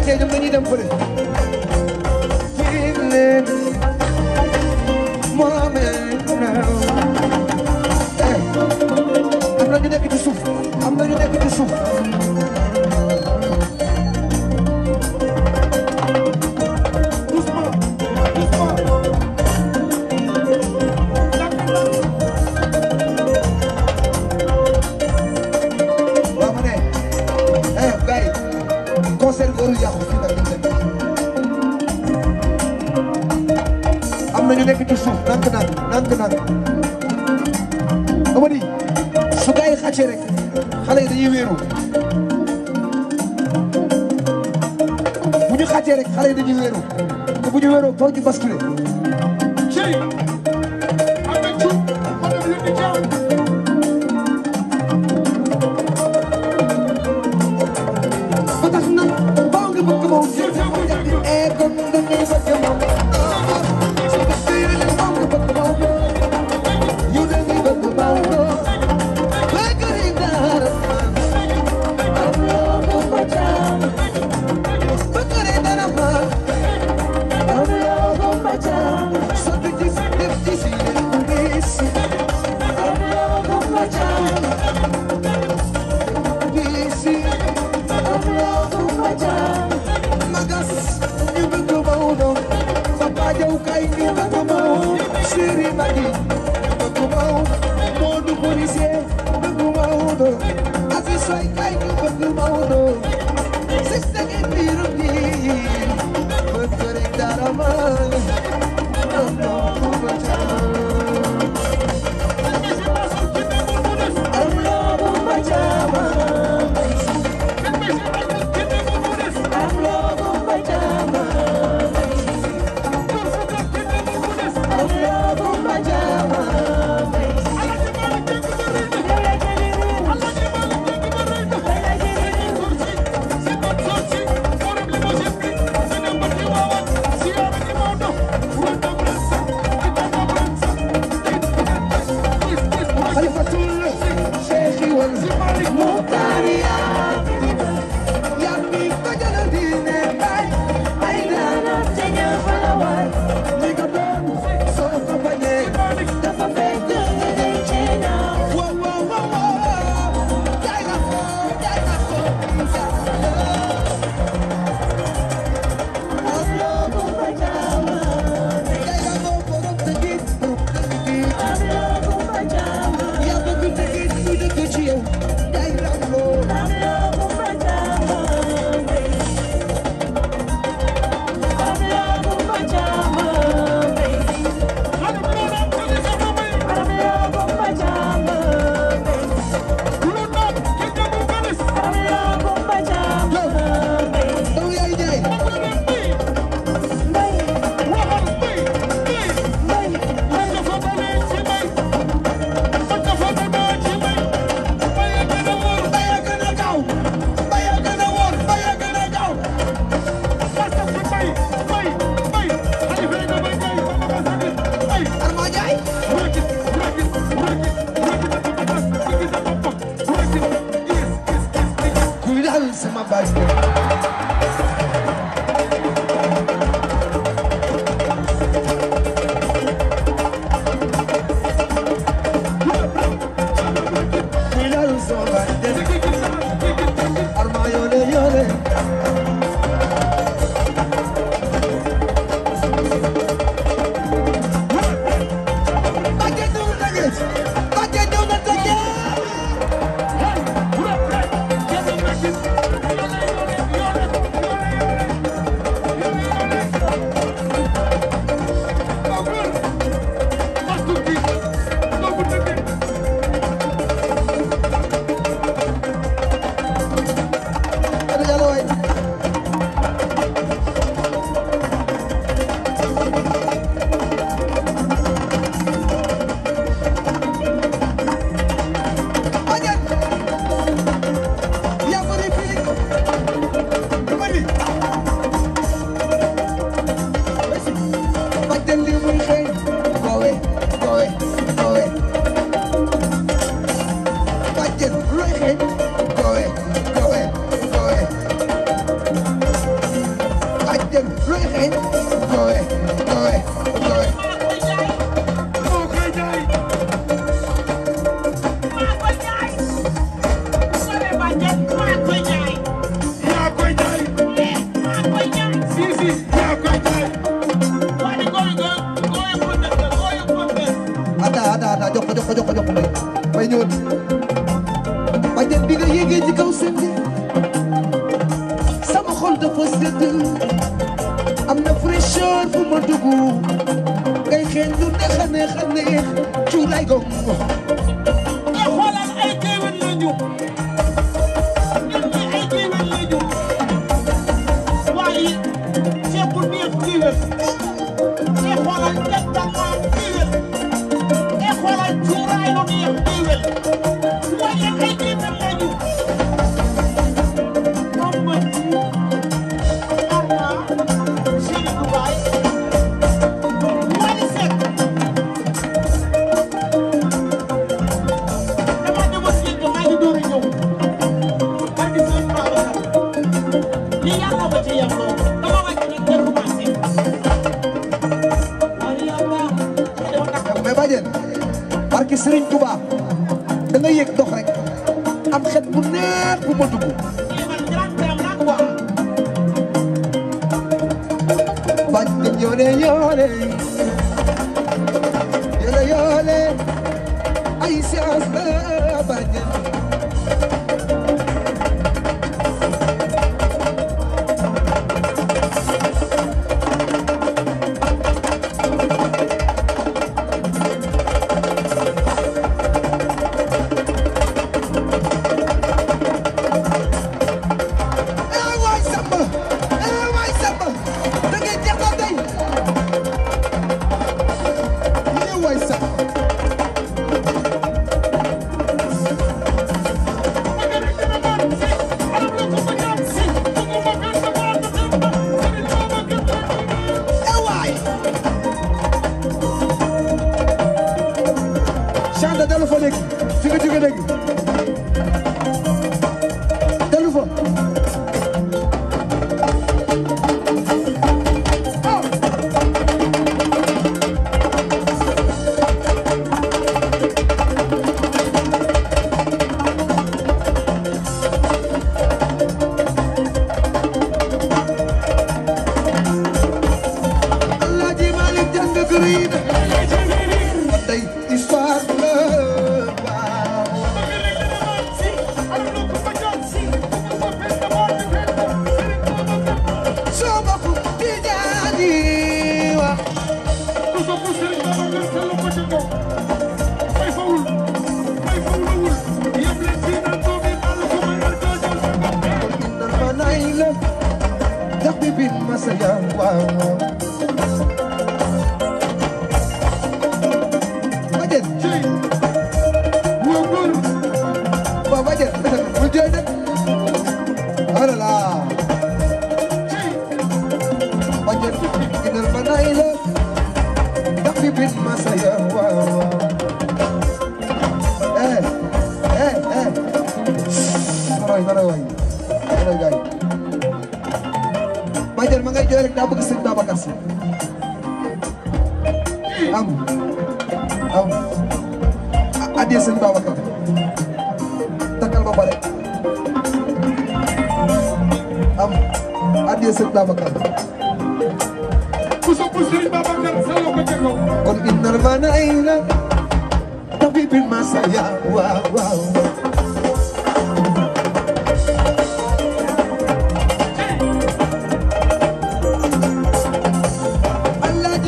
xatee ñoom dañuy dem fële eh, am na ñu nekk ci suuf am na ñu nekk ci suuf takk nag dama di su gars yi xàccee rek xale yi dañuy wéeru bu ñu xàccee rek xale yi dañuy wéeru te bu ñu wéeroo toog ci basculé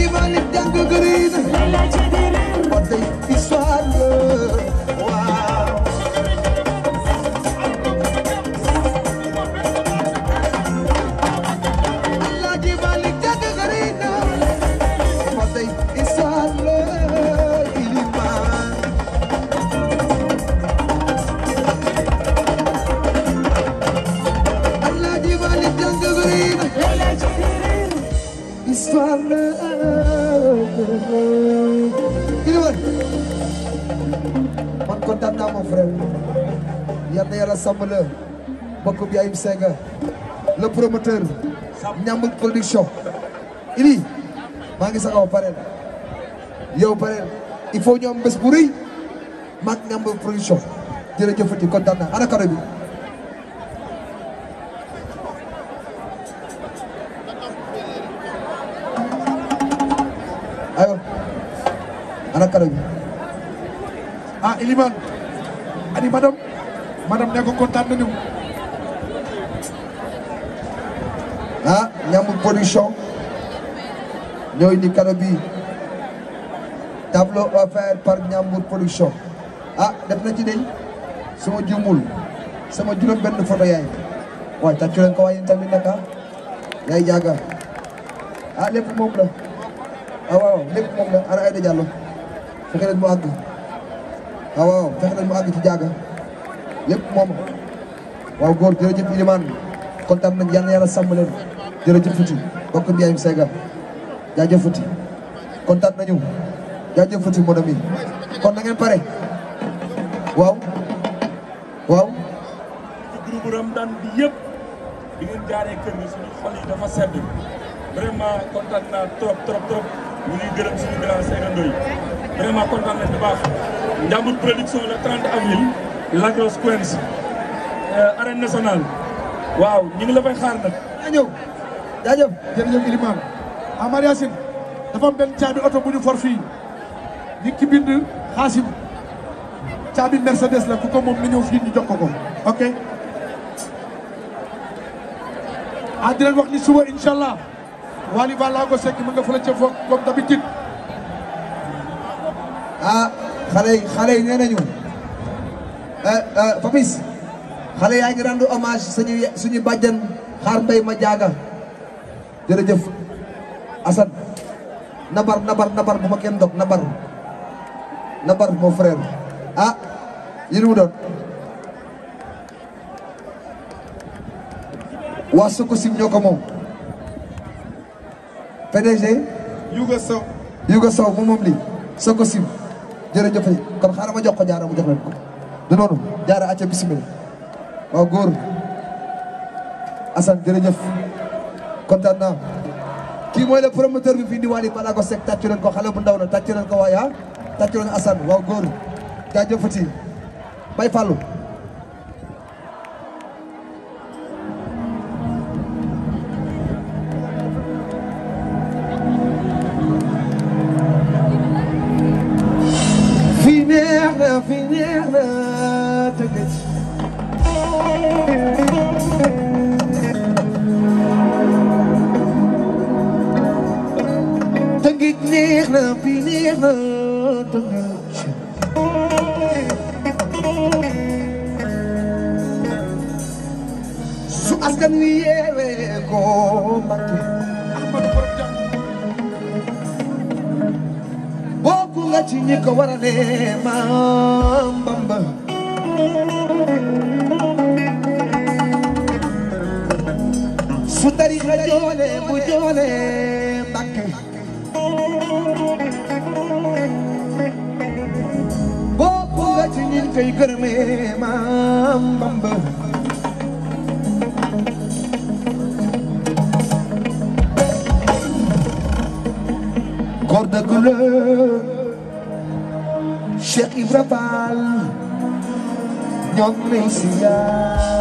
divane jàng gëri Ibrahim Sega, le promoteur Nyambut production ini mangi ngi sa kaw parel yow ya, parel il faut ñom bes buri mak Nyambut Production. Jere production jërëjëfati kontaan ana karo bi ayo ana karo bi ah Iliman. ani madam madame ne ko kontaan nañu Jamb Production ñoo indi kado bi tableau offert par Ndiambour Production ah def na ci deñ sama jumul sama juróom benn photo yaay waaye tàccu leen ko waaye tamit naka yaay jaaga ah lépp moom la ah waaw lépp moom la ana Aïda Diallo fexe leen mu àgg ah waaw fexe leen mu àgg ci jaaga lépp moom waaw góor jërëjëf Ilimane kontaan nañ yàlla yàlla sàmm jërëjëf futi bokk Ndiaye Séga jaajëf futi, kontaan nañu jaajëf futi mon ami kon na ngeen pare waw waaw. groupe ramdan bi yëpp bi ngeen jaaré kër ni suñu xol yi dafa sedd vraiment kontaan na trop trop trop ñu ngi gërëm suñu grand sega ndoy vraiment kontaan na ci baax. Ndiambour production le 30 avril coins Queens euh, arène nationale waaw ñu ngi la fay xaar nak ñëw. Jajam jërëjëf iliman Amar Yacine dafa am ben tiabi auto buñu for fi ñu ki bind khasim tiabi Mercedes la kuko mom moom na ñëw fii ñu jox ko ko ok ah wax ni suba inshallah allah bala Ballago sekk mu nga fa la ca foog comme d'habitude ah xalé xalé nenañu eh Eh, fabis xalé xale ngi rendu hommage suñu suñu badjan xar mbay ma jaga jerejef Asan, nabar nabar nabar bu ma dok, nabar nabar mo frère ah yéen mu doon sim Sococim ñoo ko PDG Yuga Sow Yuga Sow mo mom li sim jerejef kon xarama jox ko jaara mu jox len ko du nonu jaara acca bismillah wa gor asan jerejef kontana ki moy le promoteur bi fi di wali Wally ko sek tàccu leen ko xale bu ndaw la tàccu leen ko waya ah tàccu leen Assane waaw góor jaajëfati bay Fallou gërëmee maam Bamba góor dëgg la Cheikh Ibra Fall ñoom lay siyaar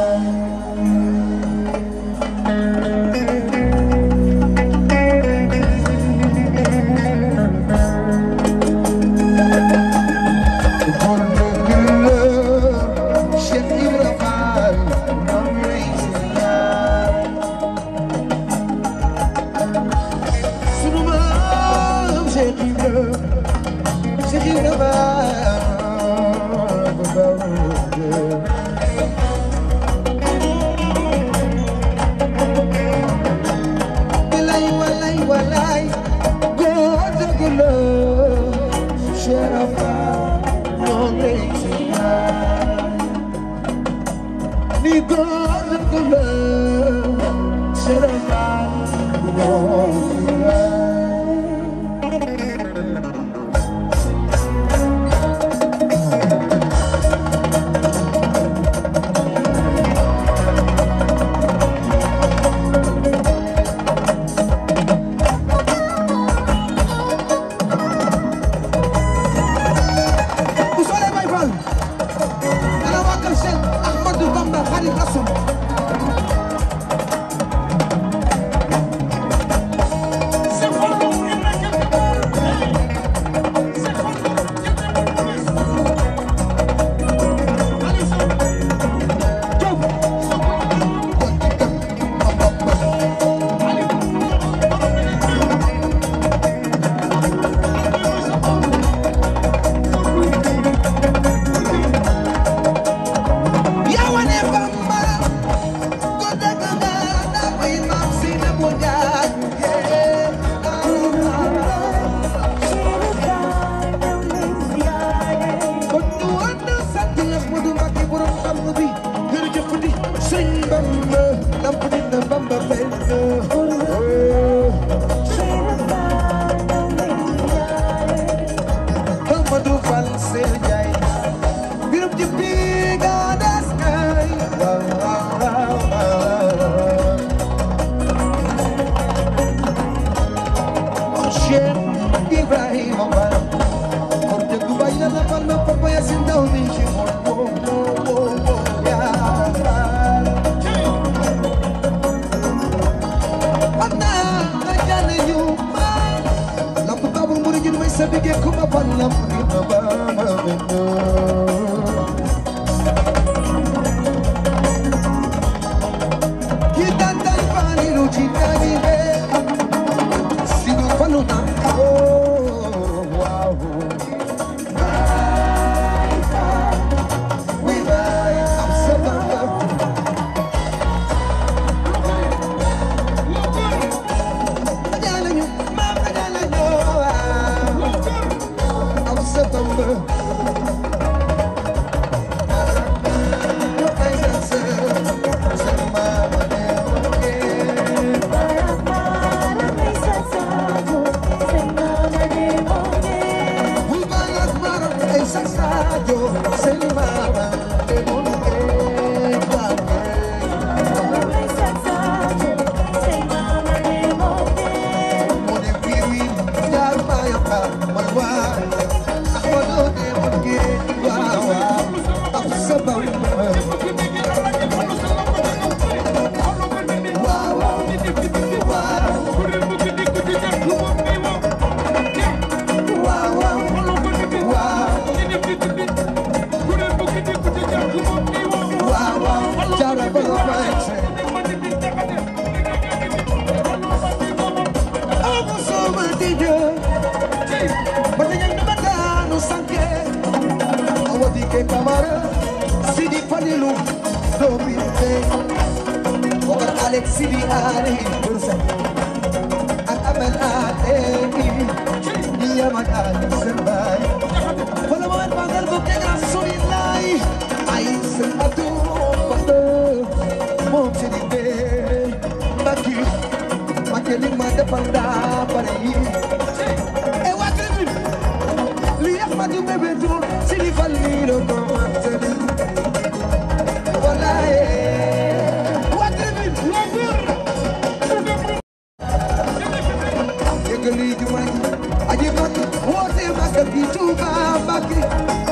di Touba Mbacké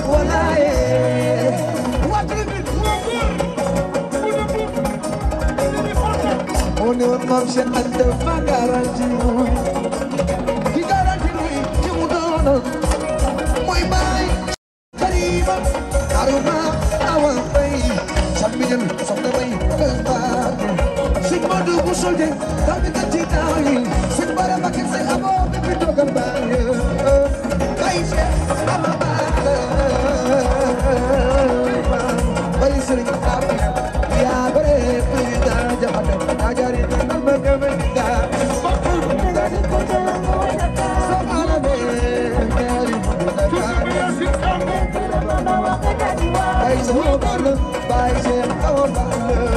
walaaye moo ne woon moom seen anta ma garanti mooy di garanti mooy ki mu doonoon mooy baay bariima aruma awa bay sammi jël soxna bay kër baake sin ma du bu soje daw di ka ci taayi sin bara ma kese amoo bi bi dogal baay Bye, Jim. Oh, my love.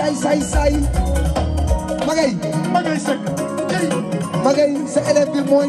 yaay say say magay magay sa magay sa élève bi mooy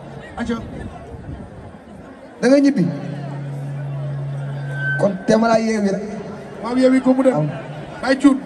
da nga ñibbi kon te ma laa yeewi rek. waaw yeewi ko mu dem. bay cuut.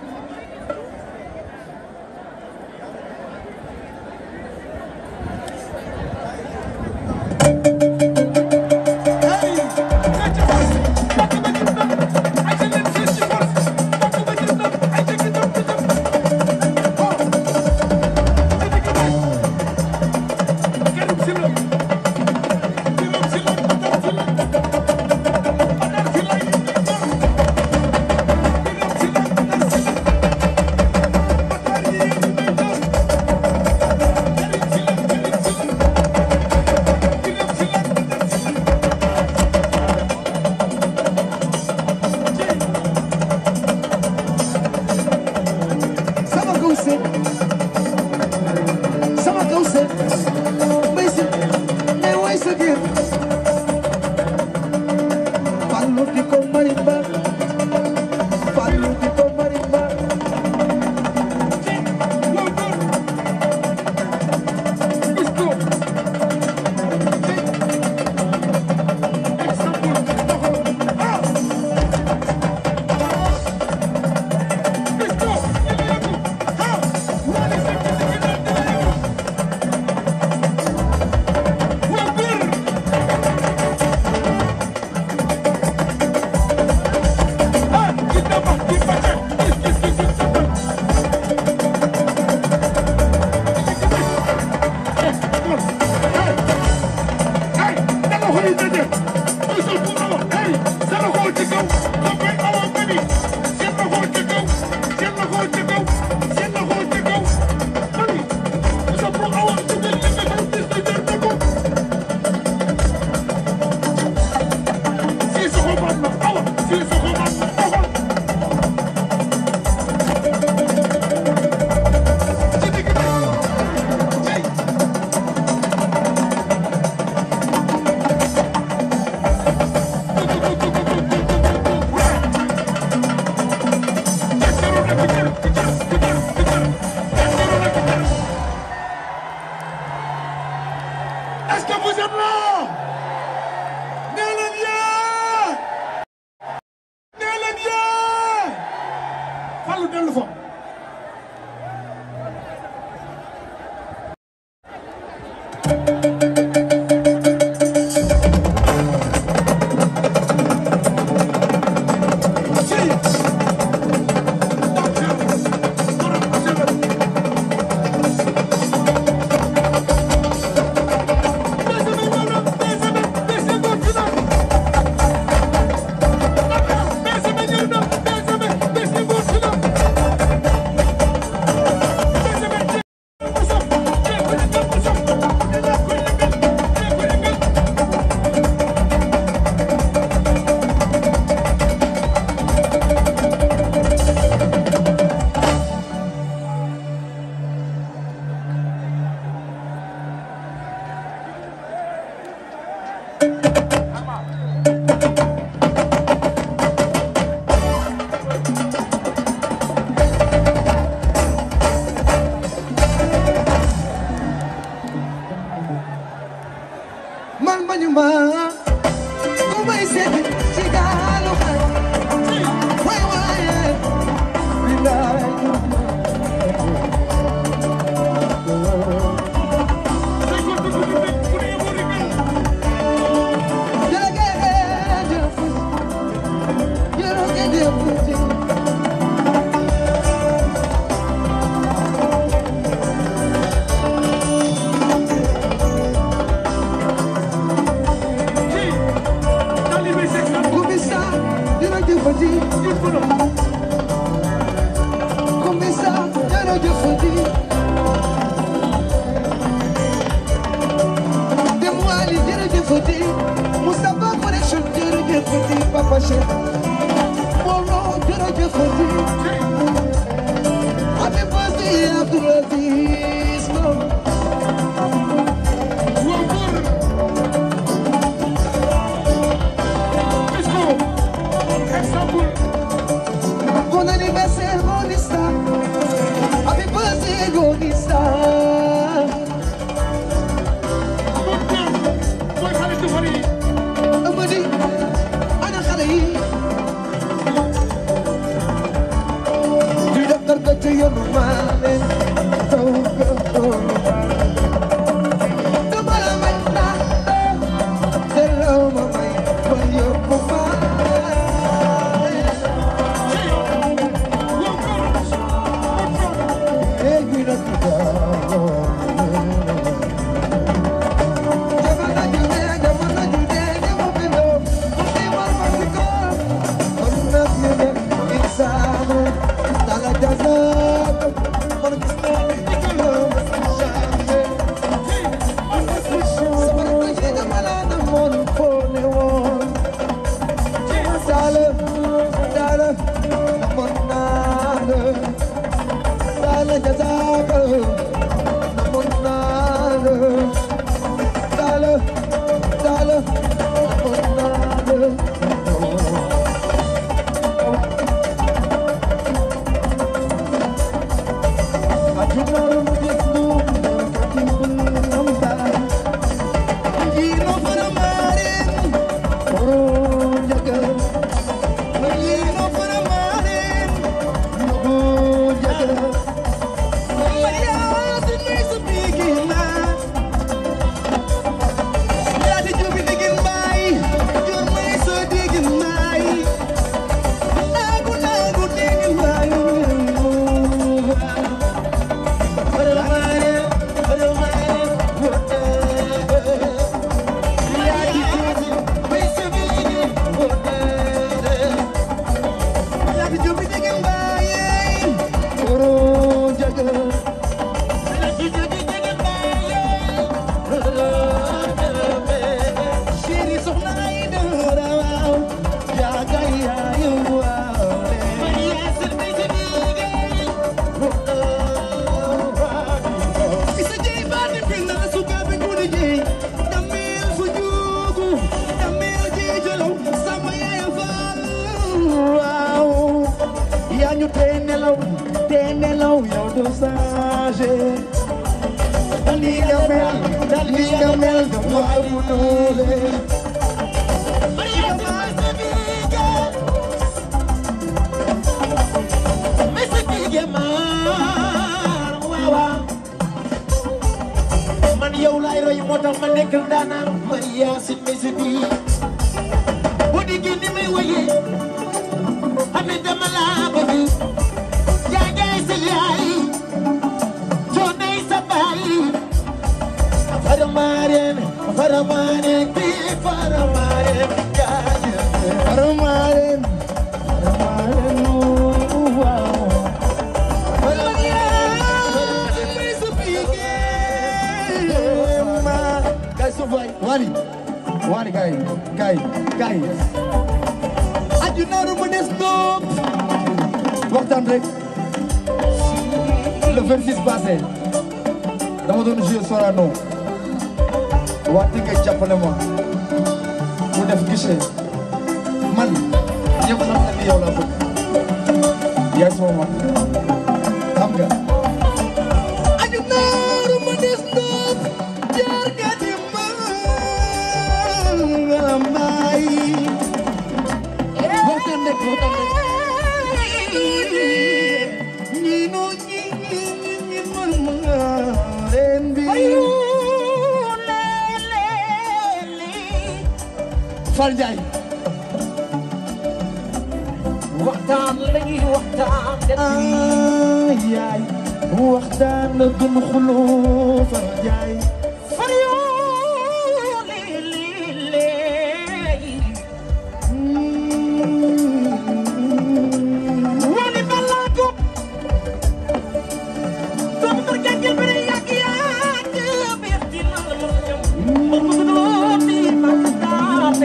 bokk doon di Pakistan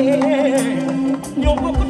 ñoo bokk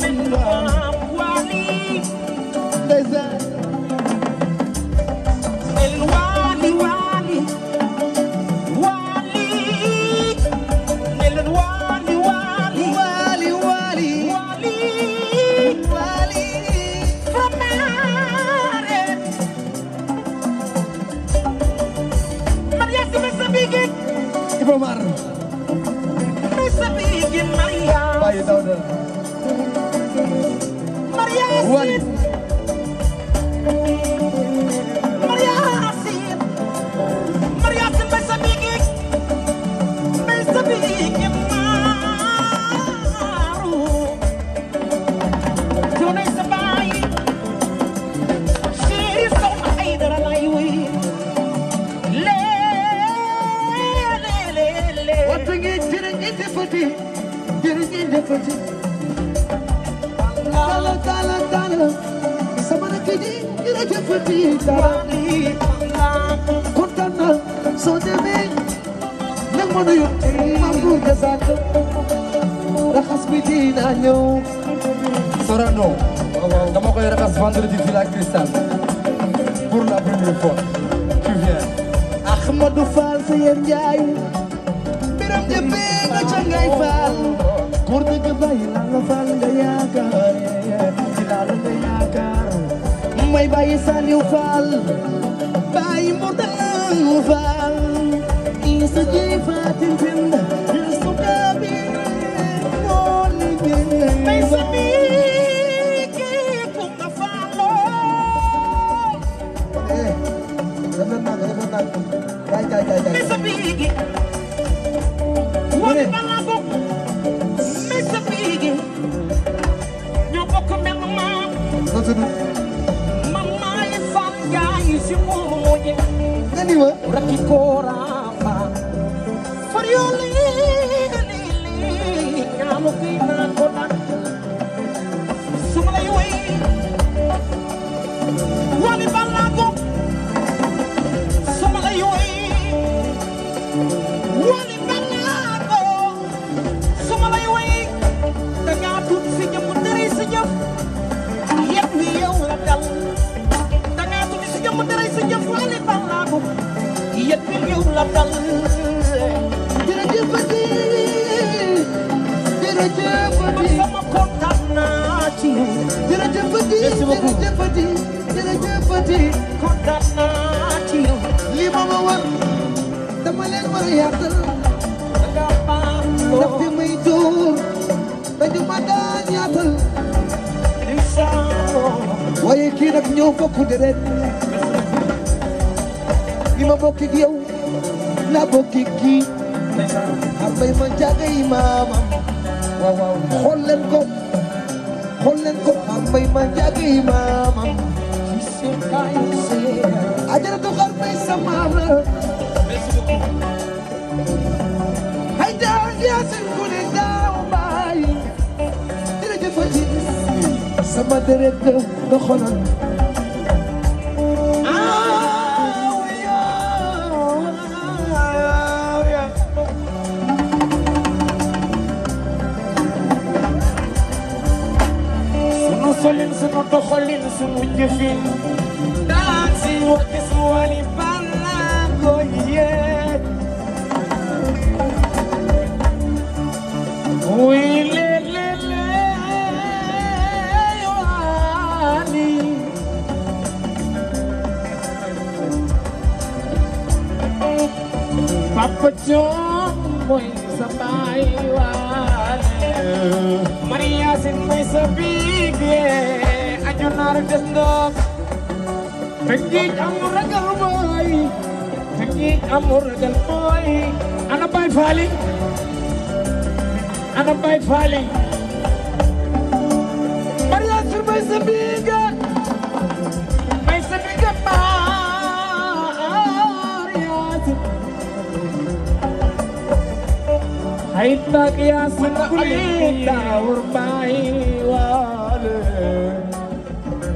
عندك يا سنبلي داور باي والي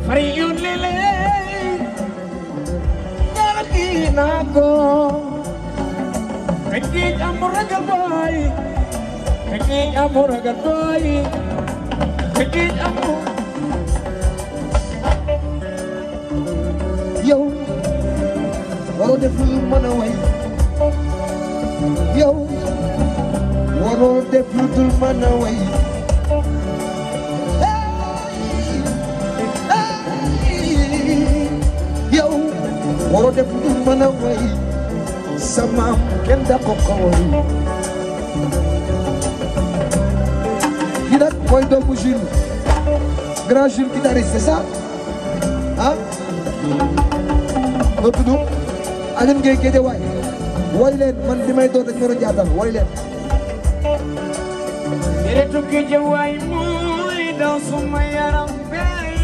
فري للي ناكو كنيك أمرك باي كنيك أمرك باي كنيك أمرك yow waroo def lu mën a way yow waroo def lu dul mën a way yow waroo def lu dul mën a way sama kenn da ko ko way ki nag mooy doomu Jules grand Jules guitariste c'est ça ah noo tudd Aline Gueye Guédiawaye way leen man li may doon dañ ma doon jaatal way leen deretu géej waay mooy daw suma yaram bee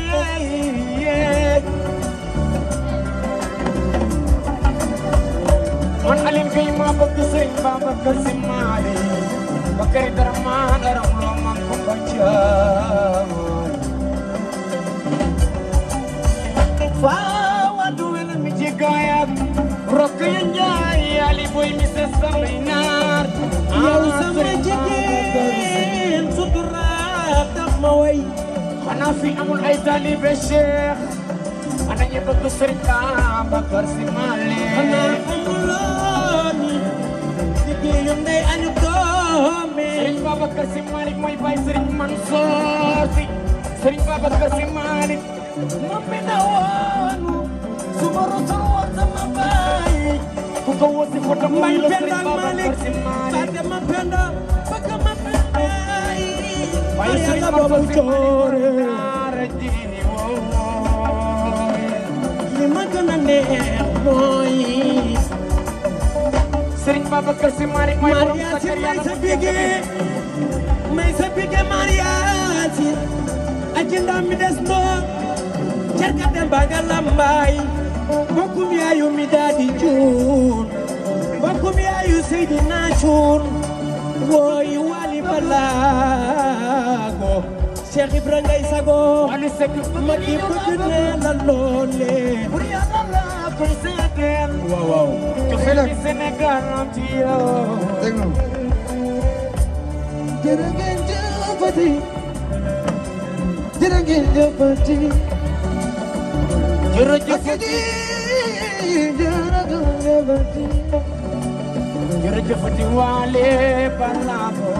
man Alioune Gueye maa bëgg sëñ Babacar Si maale ba kër dara maa dara loo man ko ba caawaan faawa du wela mi ci gaayaat rokk ya njaay yaali boy mi sa samay naar yow sama jëkkër ma way xanaa fi amul ay taalibe Cheikh ana ñi bëgg Sëriñ Babacar Sy Malick xanaa amuloon liggéeyam ndey añu doome Sëriñ Babacar Sy Malick mooy baay Sëriñ Mansour Sy Sëriñ Babacar Sy Malick moom mi na woonu su ma rusul woon sama baay ku ko wosi foto mbay la Sëriñ Babacar Sy Malick waaye sëriñ li ma gën a neex mooy sëriñ Babacar Si mari mooy borom sa kër yàlla mi des na cerka dem baga lambaay bokkum yaayu mi daadi cuun bokkum yaayu Seydina cuun wooyu laago Cheikh Ibra ngay sago ma di bëgg nee la loole bur yàlla la koy seeteen waaw waaw cofeel bi Sénégal am ci yow jërë ngeen jëfati jërë ngeen jëfati jërë jëfati jërë jëfati waale balaa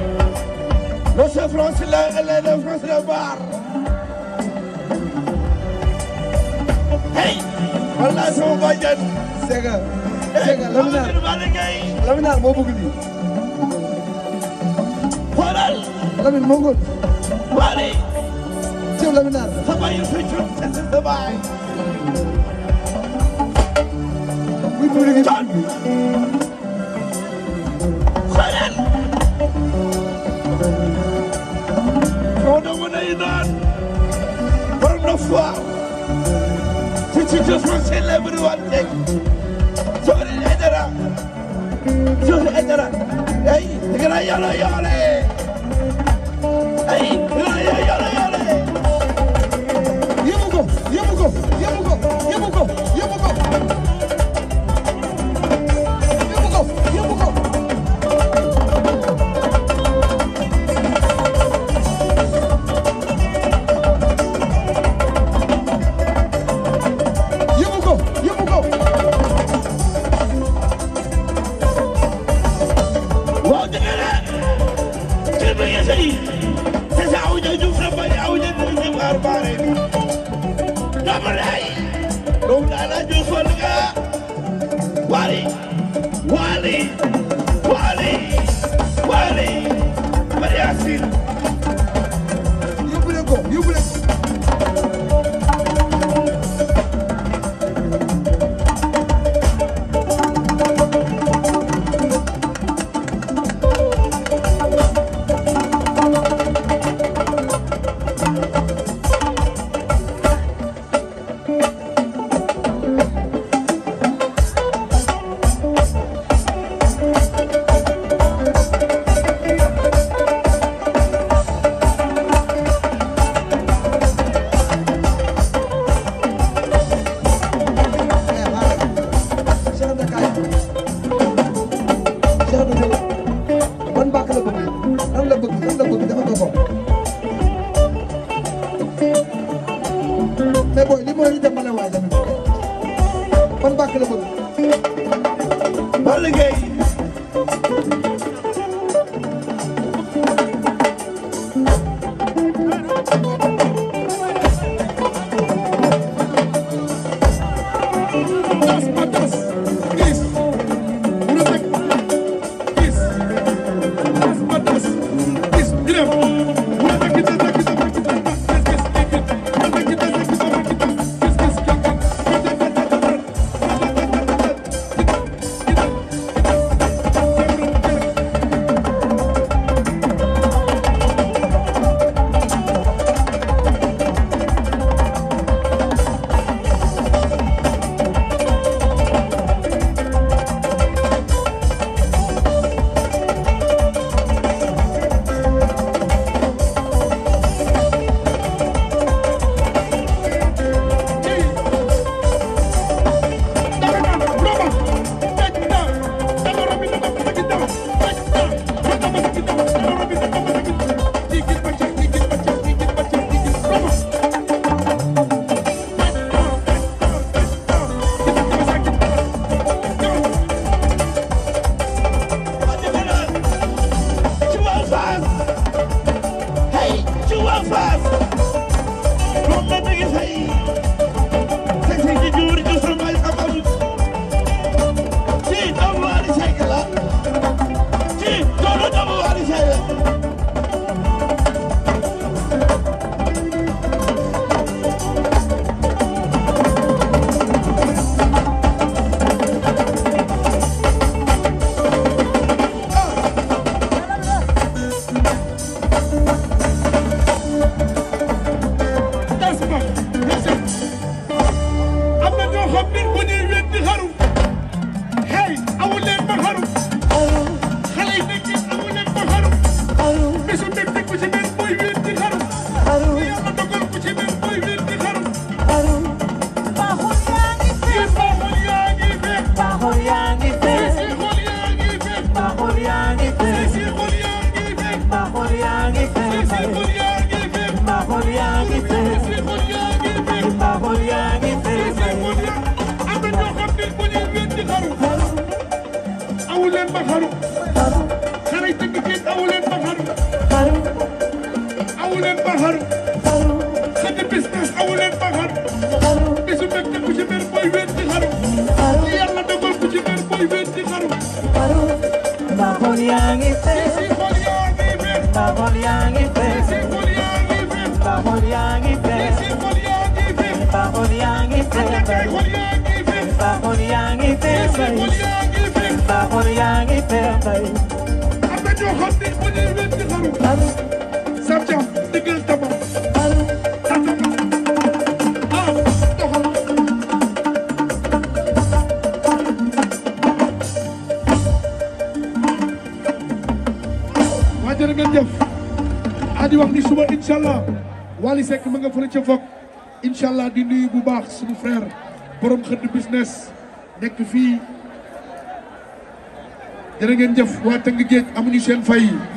Monsieur Francilin, elle est de Francilin Bar. Hey! Walla sama bàjjen. c'est que c'est que Lamine Naar Lamine Naar moo bëgg lii. xoolal. Lamine moo ngoon. Waale. Ceeb Lamine Naar. sa bàyyi feccu sa bàyyi. muy public bi. soir. Teaching just wants to tell everyone thank you. Sorry, Edera. Sorry, Edera. Hey, you're going to yell at jërë ngeen jëf waa geej amuñu seen fay